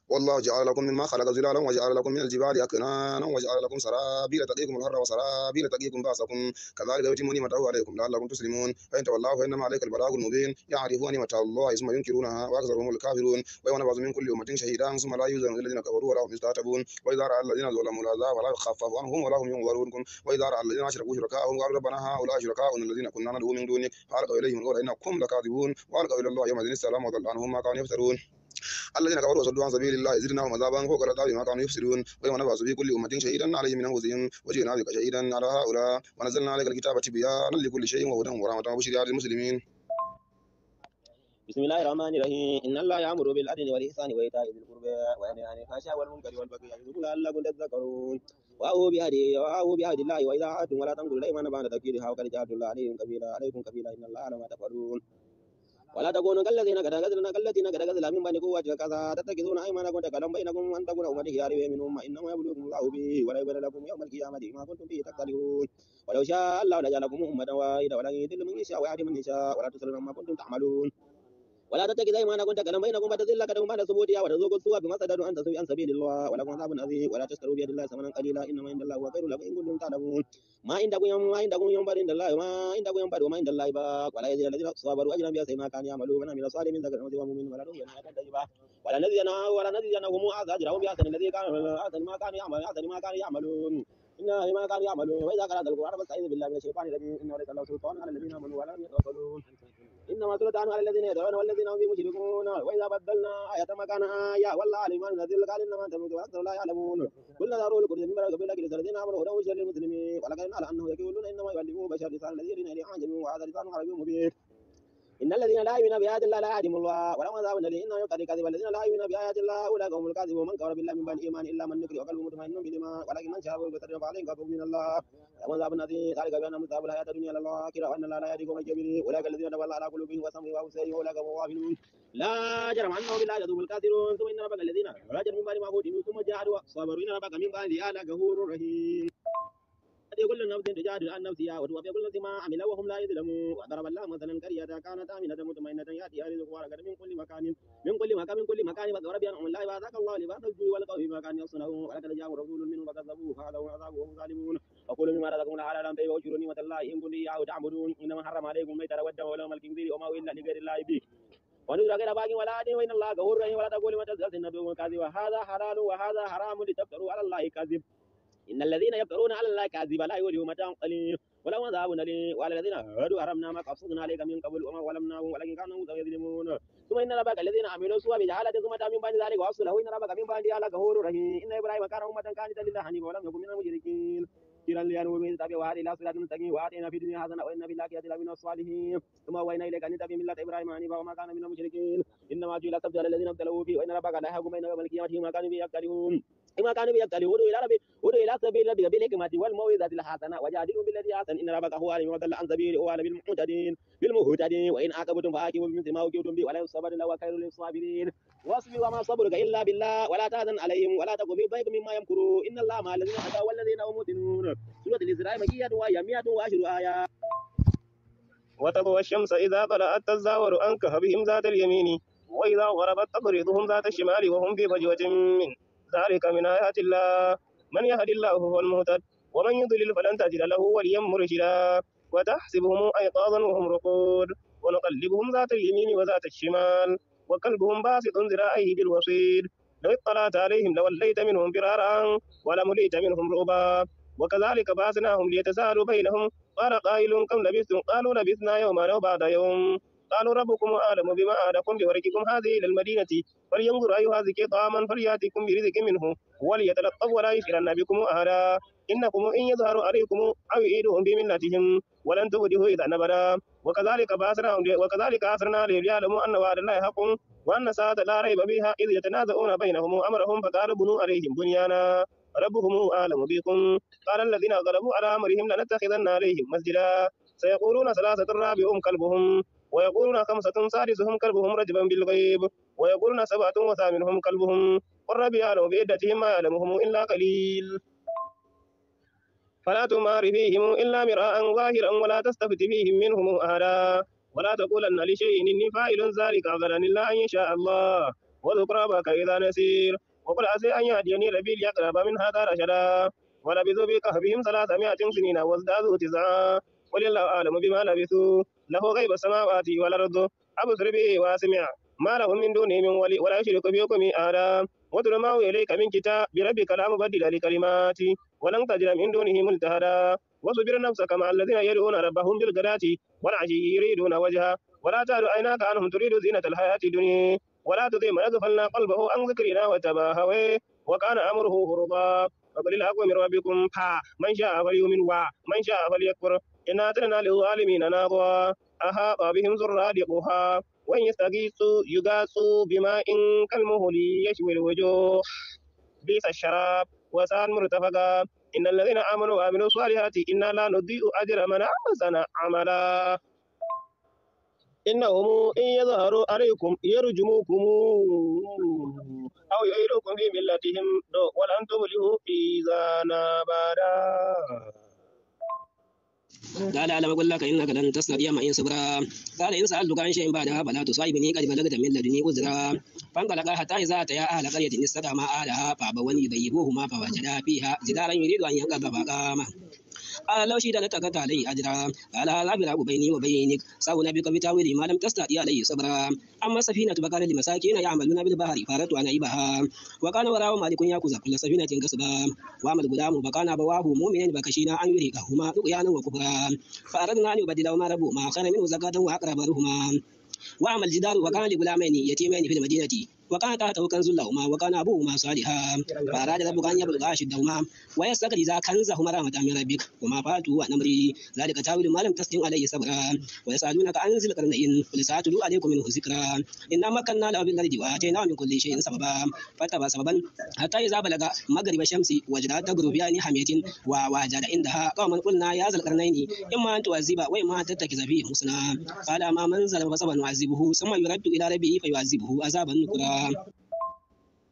والله جعل لكم مما خلق ظلالا وجعل لكم من الجبال أكنانا وجعل لكم سرابيل تقيكم الحر وسرابيل تقيكم بأسكم كذلك يتم نعمته عليكم لعلكم تسلمون فإن تولوا فإنما عليك البلاغ المبين يعرفون نعمة الله ثم ينكرونها وأكثرهم الكافرون ويوم نبعث من كل أمة شهيدا ثم لا يوزن الذين كفروا ولا هم يستعتبون وإذا رأى الذين ظلموا العذاب ولا يخفف عنهم ولا هم ينظرون وإذا رأى الذين أشركوا شركاءهم قالوا ربنا هؤلاء شركاؤنا الذين كنا ندعو من دونك فألقوا إليهم القول إنكم لكاذبون وألقوا إلى الله يومئذ السلام وضل عنهم ما كانوا يفترون الذين كفروا وصدوا عن سبيل الله زدناهم عذابا فوق العذاب ما كانوا يفسدون ويوم نبعث في كل أمة شهيدا عليهم من أنفسهم وجئنا بك شهيدا على هؤلاء ونزلنا عليك الكتاب تبيانا لكل شيء وهدى ورحمة وبشرى للمسلمين بسم الله الرحمن الرحيم إن الله يأمر بالعدل والإحسان وإيتاء ذي القربى وينهى عن الفحشاء والمنكر والبغي يعظكم لعلكم تذكرون وأوفوا بهدي وأوفوا بهدي الله وإذا عاتم ولا تنقلوا الأيمان بعد توكيدها وقد جعلت الله عليكم كفيلا عليكم كفيلا إن الله على ما تفعلون ولا تكونوا كالذين قد غزلنا كالذين قد غزل من بني قوة كذا تتخذون أيمانكم تكلم بينكم أن تكون أمة خيار من أمة إنما يبلوكم الله به ولا يبلى لكم يوم القيامة ما كنتم فيه تختلفون ولو شاء الله لجعلكم أمة واحدة ولن يدل من يشاء ويهدي من يشاء ولا تسألون عما كنتم تعملون ولا تتك دائما أنا كنت كلام بينكم فتزل كلام بعد ثبوتها وتذوق السوء بما صددوا أن تسوي عن سبيل الله ولكم عذاب عظيم ولا تشتروا بيد الله ثمنا قليلا إنما عند الله هو خير لكم إن كنتم تعلمون ما عندكم يوم ما عندكم يوم بعد عند الله وما عندكم يوم بعد وما عند الله باق ولا يزيد الذين صبروا أجرا بأحسن ما كانوا يعملون من عمل صالحا من ذكر أو أنثى ومؤمن ولا نؤمن حتى تجبا ولا نزينا ولا نزينهم أجرهم بأحسن الذي كان أحسن ما كانوا يعملون أحسن ما كانوا يعملون إنا لما كانوا يعملون وإذا قرأت القرآن فاستعيذ بالله من الشيطان الرجيم إنه ليس له سلطان على الذين آمنوا ولا يتوكلون انما ترد عنه على الذين يدعون والذين هم مشركون واذا بدلنا آية مكان آية والله ما ننزل قال انما أنتم ممكن واكثر لا يعلمون كل ضرور لكم من بلد قبل لكن الذين أمروا هدى وبشر للمسلمين ولكن نعلم انه يقولون انما يعلمه بشر لسان الذين عن جميع وهذا لسان عربي مبين إن الذين لا يؤمنون بآيات الله لا يهديهم الله ولا ما عذاب أليم إنهم يفترون كذبا الذين لا يؤمنون بآيات الله أولئك هم الكاذبون من كفر بالله من بني إيمان إلا من نكر وقلبه مطمئن بالإيمان ولكن من شاء فليكفر فعليهم كفر من الله ولهم عذاب أليم ذلك بأنهم ذهبوا الحياة الدنيا إلى الآخرة وأن الله لا يهدي قوم الكافرين أولئك الذين تولى على قلوبهم وسمعوا وأبصارهم أولئك هم الغافلون لا جرم انه بالله يذوب الكافرون ثم إن ربك الذين هاجروا من بعد ما قدموا ثم جاءوا صبروا إن ربك من بعد ذلك غفور رحيم يقول للنفس تجادل عن نفسها وتوفي كل نفس ما عمل وهم لا يظلمون وضرب الله مثلا قرية كانت آمنة مطمئنة يأتيها رزقها رغدا من كل مكان من كل مكان من كل مكان فضرب بأنعم الله وأذاق الله لباس الجوع والخوف بما كانوا يصنعون ولقد جاءهم رسول منهم فكذبوه فأخذهم العذاب وهم ظالمون وكلوا مما رزقهم حلالا طيبا واشكروا نعمة الله إن كنتم إياه تعبدون إنما حرم عليكم الميتة والدم ولحم الخنزير وما أهل لغير الله به ونذر غير باغ ولا عاد وإن الله غفور رحيم ولا تقولوا ما تزداد النبي كذب وهذا حلال وهذا حرام لتفتروا على الله كذب إن الذين يفترون على الله كذبا لا يوليه متاع قليل ولو ذهبوا لي وعلى الذين هادوا حرمنا ما قصدنا عليك من قبل وما ظلمناهم ولكن كانوا أنفسهم يظلمون ثم إن ربك الذين عملوا سوى بجهالة ثم تاب من بعد ذلك وأصلحوا إن ربك من بعد ذلك غفور رحيم إن إبراهيم كان أمة كانت لله حنيفا ولم يكن من المشركين كثيرا لأنه من تبع وهذه لا صلاة المستقيم وآتينا في الدنيا حسنة وإن في الآخرة لمن الصالحين ثم أوينا إليك أن تبع ملة إبراهيم حنيفا وما كان من المشركين إنما جعل السبت على الذين ابتلوا فيه وإن ربك لا يحكم بين يوم القيامة فيما كانوا فيه يختلفون إما كان بما كانوا ودو الى ربي ودو الى سبيل ربي كما تقول ما بالحكمه والموعظه الحسنه وجادلهم بالتي حسن ان ربك هو اعلم وضل عن سبيل هو وهو بالمهتدين بالمهتدين وان عاقبتم فعاقبوا بمثل ما عوقبتم به ولا يصبر الا وكيل للصابرين واصبر وما صبرك الا بالله ولا تحزن عليهم ولا تك في ضيق مما يمكرون ان الله مع الذين اتقوا والذين هم مؤمنون سوره الاسراء مكيه وهي 110 ايه وتضوى الشمس إذا طلعت تزاور عن كهبهم ذات اليمين وإذا غربت تقرضهم ذات الشمال وهم في فجوة منه ذلك من آيات الله من يهد الله هو المهتد ومن يضلل فلن تجد له وليا مرشدا وتحسبهم أيقاظا وهم رقود ونقلبهم ذات اليمين وذات الشمال وقلبهم باسط ذراعيه بالوصيد لو اطلعت عليهم لوليت منهم فرارا ولمليت منهم رؤبا وكذلك بعثناهم ليتسالوا بينهم قال قائل كم لبثتم قالوا لبثنا يوما أو بعد يوم قالوا ربكم أعلم بما أهلكم بورككم هذه إلى المدينة فلينظر أيها ذكي طعاما فليأتكم برزق منه وليتلطف ولا يشرن بكم أهلا إنكم إن يظهروا عليكم أو يعيدهم بملتهم ولن تبدوا إذا نبدا وكذلك بأسرهم وكذلك أسرنا ليعلموا أن وعد الله حق وأن ساعة لا ريب بها إذ يتنازعون بينهم أمرهم فقالوا بنوا عليهم بنيانا ربهم أعلم بكم قال الذين غلبوا على أمرهم لنتخذن عليهم مسجدا سيقولون ثلاثة رابعهم كلبهم ويقولون خمسة سادسهم كلبهم رجبا بالغيب ويقولون سبعة وثامنهم كلبهم ربي أعلم بعدتهم ما يعلمهم إلا قليل فلا تمار فيهم إلا مراء ظاهرا ولا تستفت فيهم منهم أهدا ولا تقولن لشيء إني فاعل ذلك غدا إلا أن يشاء الله وذكر ربك إذا نسير وقل عسى أن يهديني ربي لأقرب من هذا رشدا ولبثوا في كهفهم ثلاثمائة سنين وازدادوا تسعا قل الله أعلم بما لبثوا له غيب السماوات والأرض أبصر به وأسمع ما لهم من دونه من ولي ولا يشرك بحكم آدم واتل ما إليك من كتاب بربك لا مبدل لكلماته ولن تجد من دونه ملتهدا واصبر نفسك مع الذين يدعون ربهم بالغداة والعشي يريدون وجهه ولا تعد عيناك عنهم تريد زينة الحياة الدنيا ولا تطيع من أغفلنا قلبه عن ذكرنا وتباهى وكان أمره فرضا فقل الحق من ربكم من شاء فليؤمن ومن شاء فليكفر إن أترنا للظالمين نارا أحاط بهم زرادقها وإن يستغيثوا يغاثوا بماء كالمهل يشوي الوجوه بئس الشراب وسان مرتفقا إن الذين آمنوا وآمنوا الصالحات إنا لا نضيء أجر من أحسن عملا إنهم إن يظهروا عليكم يرجموكم أو يعيدوكم في ملتهم ولن تبلغوا إذا نابدا قال على بقول لك إنك لن تستطيع معي صبرا قال إن سألتك عن شيء بعدها فلا تصاحبني قد بلغت من لدني عذرا فانطلقا حتى إذا أتيا أهل قرية استطعما أهلها فأبوا أن يضيفوهما فوجدا فيها جدارا يريد أن ينقض فقاما قال لو أنا لاتخذت عليه أجرا قال هذا بلعب بيني وبينك سأنبئك بتاويل ما لم تستطيع عليه صبرا أما السفينة فكان لمساكين يعملون بالبحر فأردت أن أعيبها وكان وراءهم مالك يأخذ كل سفينة كسبا وأما الغلام فكان أبواه مؤمنين فكشينا أن يرهقهما طغيانا وكفرا فأردنا أن يبدلهما ربهما خيرا منه زكاة وأقرب رهما وأما الجدار وكان لغلامين يتيمين في المدينة وكانت تحته كنز لهما وكان أبوهما صالحا فأراد ربك أن يبلغا أشدهما ويستخرجا كنزهما رحمة من ربك وما فعلته عن أمري ذلك تأويل ما لم تستطع عليه صبرا ويسألونك عن ذي القرنين قل سأتلو عليكم منه ذكرا إنا مكنا له في الأرض وآتيناه من كل شيء سببا فاتبع سببا حتى إذا بلغ مغرب الشمس وجدها تغرب بعين حمية ووجد عندها قوما قلنا يا ذا القرنين إما أن تعذب وإما أن تتخذ فيه حسنا قال من ظلم فسوف نعذبه ثم يرد إلى ربه فيعذبه عذابا نكرا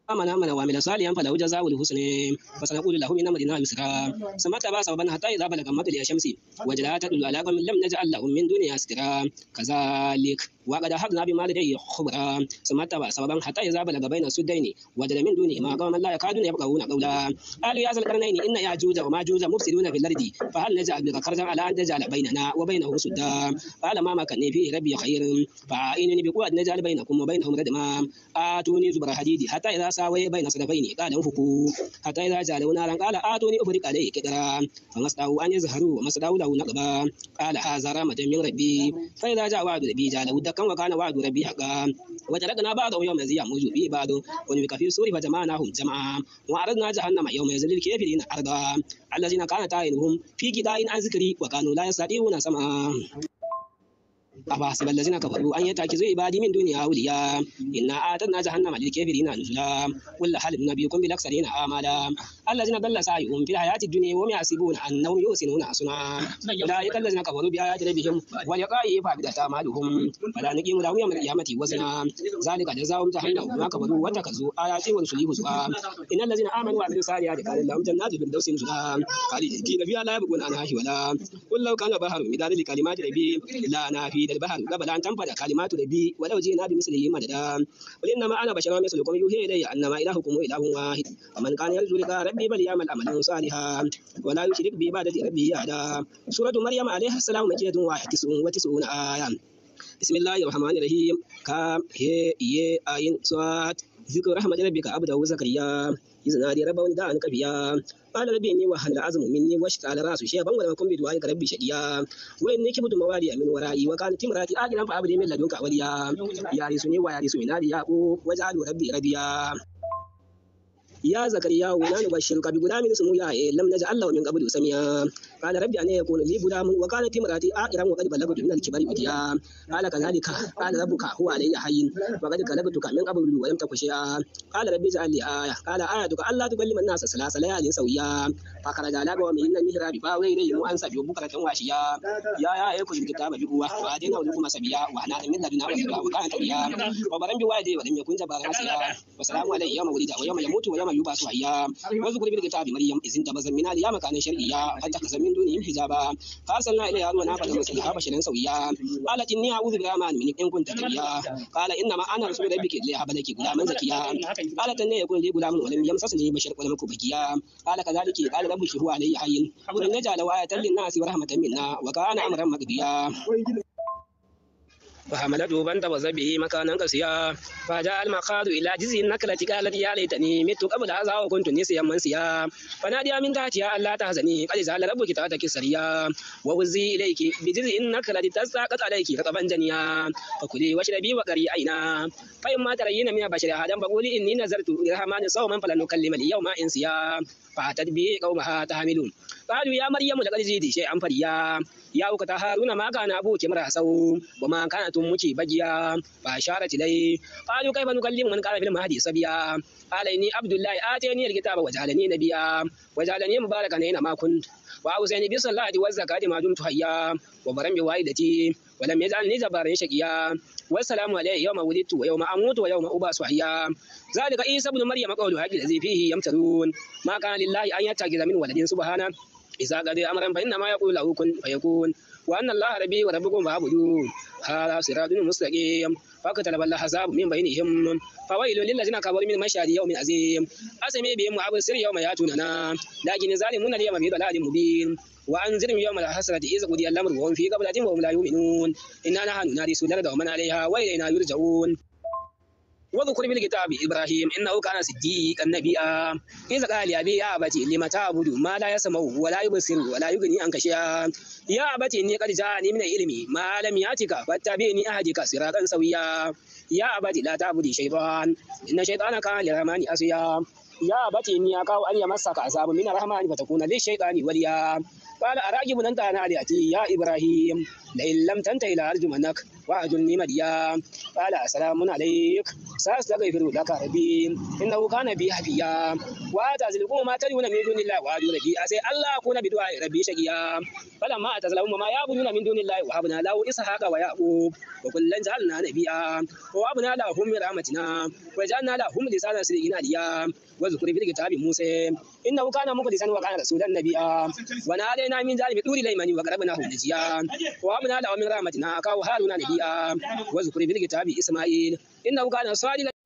أمانا آمن وعمل صالحا فله جزاء الحسنى وسنقول له من أمرنا يسرا ثم تبع سببا حتى إذا بلغ مطلع الشمس وجلات تدل على لم نجعل لهم من دنيا سترا كذلك وقد أحقنا بما لديه خبرا ثم اتبع سببا حتى إذا بلغ بين السدين وجد من دونه ما قوما لا يكادون يبقون قولا قالوا يا ذا القرنين إن يأجوج وماجوج مفسدون في الأرض فهل نجعل بك خرجا على أن تجعل بيننا وبينهم سدا قال ما مكنني فيه ربي خير فإنني بقوة نجعل بينكم وبينهم ردما آتوني زبر حديد حتى إذا ساوي بين صدفين قال انفكوا حتى إذا جعلوا نارا قال آتوني أفرق عليه كدرا فما استطاعوا أن يزهروا وما استطاعوا له نقبا قال هذا رامه من ربي فإذا جاء وعد ربي جعله كان وكان وعد ربي أقام وتركنا بعضهم يوم يزيع موجود في بعضهم ونبقى في السور فجمعناهم جمعا وأردنا جهنم يوم يزل الكافرين أرضا الذين كانت عينهم في كداء عن ذكري وكانوا لا يستطيعون سماع أفحسب الذين كفروا أن يتخذوا عبادي من دوني أولياء إنا آتنا جهنم للكافرين نزلا قل هل نبيكم بالأكثرين آمالا الذين ضل سعيهم في الحياة الدنيا وهم يحسبون أنهم يحسنون صنعا أولئك الذين كفروا بآيات ربهم ولقائه فعبدت أعمالهم فلا نقيم لهم يوم القيامة وزنا ذلك جزاهم جهنم ما كفروا واتخذوا آياتي ورسلي هزوا إن الذين آمنوا وعملوا الصالحات كان لهم جنات الفردوس نزلا خالدين فيها لا يبغون عنها ولا قل لو كان بحر مدادا لكلمات ربي لا نافي ربي دلبهان قبل أن تنفذ كلمات ربي ولو جئنا بمثله مددا قل إنما أنا بشر مثلكم يوحي إلي أنما إلهكم إله واحد ومن كان يرجو لقاء ربي فليعمل عملا صالحا ولا يشرك بعبادة ربي أحدا سورة مريم عليها السلام مجيد وتسعون آية بسم الله الرحمن الرحيم كام هي ايه آين صاد ذكر رحمة ربك عبده زكريا إذ نادي ربه نداء كفيا قال ربي إني وهن العزم مني واشتعل الرأس شيبا ولم أكن بدعائك ربي شقيا وإني كبت موالي من ورائي وكانت امرأتي آجلا فأبد من لدنك وليا يارثني ويارث من آل يعقوب واجعله ربي رضيا يا زكريا ولا نبشرك بغلام اسمه يا لم نجعل له من قبل سميا قال ربي أن يكون لي غلام وكانت امرأتي آخرا وقد بلغت من الكبر بديا قال كذلك قال ربك هو علي حين وقد كلبتك من قبل ولم تك شيئا قال ربي اجعل لي آية قال آيتك ألا تكلم الناس ثلاث ليال سويا فخرج على قومه من المهراب فاوي إليهم أن سبيوا بكرة وعشيا يا يا أيكم الكتاب بقوة وآتيناه الحكم سبيا وحنانا من لدنا وذكرى وكان تريا وبرم بوالديه ولم يكن جبارا سيا وسلام علي يوم ولد ويوم يموت ويوم يبعث حيا واذكر بالكتاب مريم إذ انتبذت من أهلها مكانا شرقيا فاتخذت من من دونهم حجابا فأرسلنا إلى هارون فتمثل لها بشرا سويا قالت إني أعوذ برحمن منك إن كنت تقيا قال إنما أنا رسول ربك ليهب لك غلاما زكيا قالت إني يكون لي غلام ولم يمسسني بشر ولم أكن بكيا قال كذلك قال ربك هو علي حي ولم يجعل آية للناس ورحمة منا وكان أمرا مقضيا فحملته بنت وزبه مكانا قصيا فجاء المخاض إلى جزء النكله قالت يا ليتني مت قبل هذا وكنت نسيا منسيا فنادي من تحتها ألا تحزني قد جعل ربك تاتك سريا ووزي إليك بجزء النكله تساقط عليك رطبا جنيا فكلي واشربي وقري اينا فإما ترين من بشر أحدا فقولي إني نزلت للرحمن صوما فلن أكلم اليوم إنسيا فأتت به قومها تحملون قالوا يا مريم لقد زيدي شيئا فريا يا أوكتا هارون ما كان أبوك امرأ سوء وما كانت أمك بجيا فأشارت إليه قالوا كيف نكلم من كان في المهدي صبيا قال إني عبد الله آتيني الكتاب وجعلني نبيا وجعلني مباركا أينما كنت وأوصاني بالصلاة والزكاة ما دمت حيا وبرم بوالدتي ولم يجعلني جبارا شقيا والسلام علي يوم ولدت ويوم أموت ويوم أبعث حيا ذلك عيسى ابن مريم قول هذا الذي فيه يمترون ما كان لله أن يتخذ من ولد سبحانه إذا قضي أمرا فإنما يقول له كن فيكون وأن الله ربي وربكم فاعبدون هذا صراط مستقيم فاقترب الحساب من بينهم فويل للذين كفروا من مشهد يوم عظيم أسمي بهم وأبصر يوم يأتوننا لكن الظالمون اليوم في ضلال مبين وأنذرهم يوم الحسرة إذ قضي الأمر وهم في قبلة وهم لا يؤمنون إنا نحن نرث لنا ومن عليها وإلينا يرجعون واذكر من الكتاب إبراهيم إنه كان صديقا نبيا إذا قال يا أبي يا أبتي لما تعبد ما لا يسمع ولا يبصر ولا يغني عنك شيئا يا أبتي إني قد جاءني من العلم ما لم يأتك فاتبعني أهدك صراطا سويا يا أبتي لا تعبد شيطان إن الشيطان كان للرحمن عصيا يا أبتي إني أخاف أن يمسك عذاب من الرحمن فتكون للشيطان وليا قال أراجب أنت انا آلهتي يا إبراهيم لئن لم تنته لأرجمنك واعجلني مليا قال سلام عليك سأستغفر لك ربي إنه كان بي حفيا وأعتزلكم ما تدعون من دون الله وأدعو ربي أسي الله أكون بدعاء ربي شقيا فلما اعتزلهم ما يعبدون من دون الله وهبنا له إسحاق ويعقوب وكلا جعلنا نبيا ووهبنا لهم من رحمتنا وجعلنا لهم لسانا سيدنا عليا wa zukuri bil kitabi musa innahu kana muqdisan wa kana rasulan nabiyya wa nadaina min zalimi duri laymani wa na qarabnahu najiya wa amna da min rahmatina akaw haruna nabiyya wa zukuri bil kitabi isma'il innahu kana sadiqan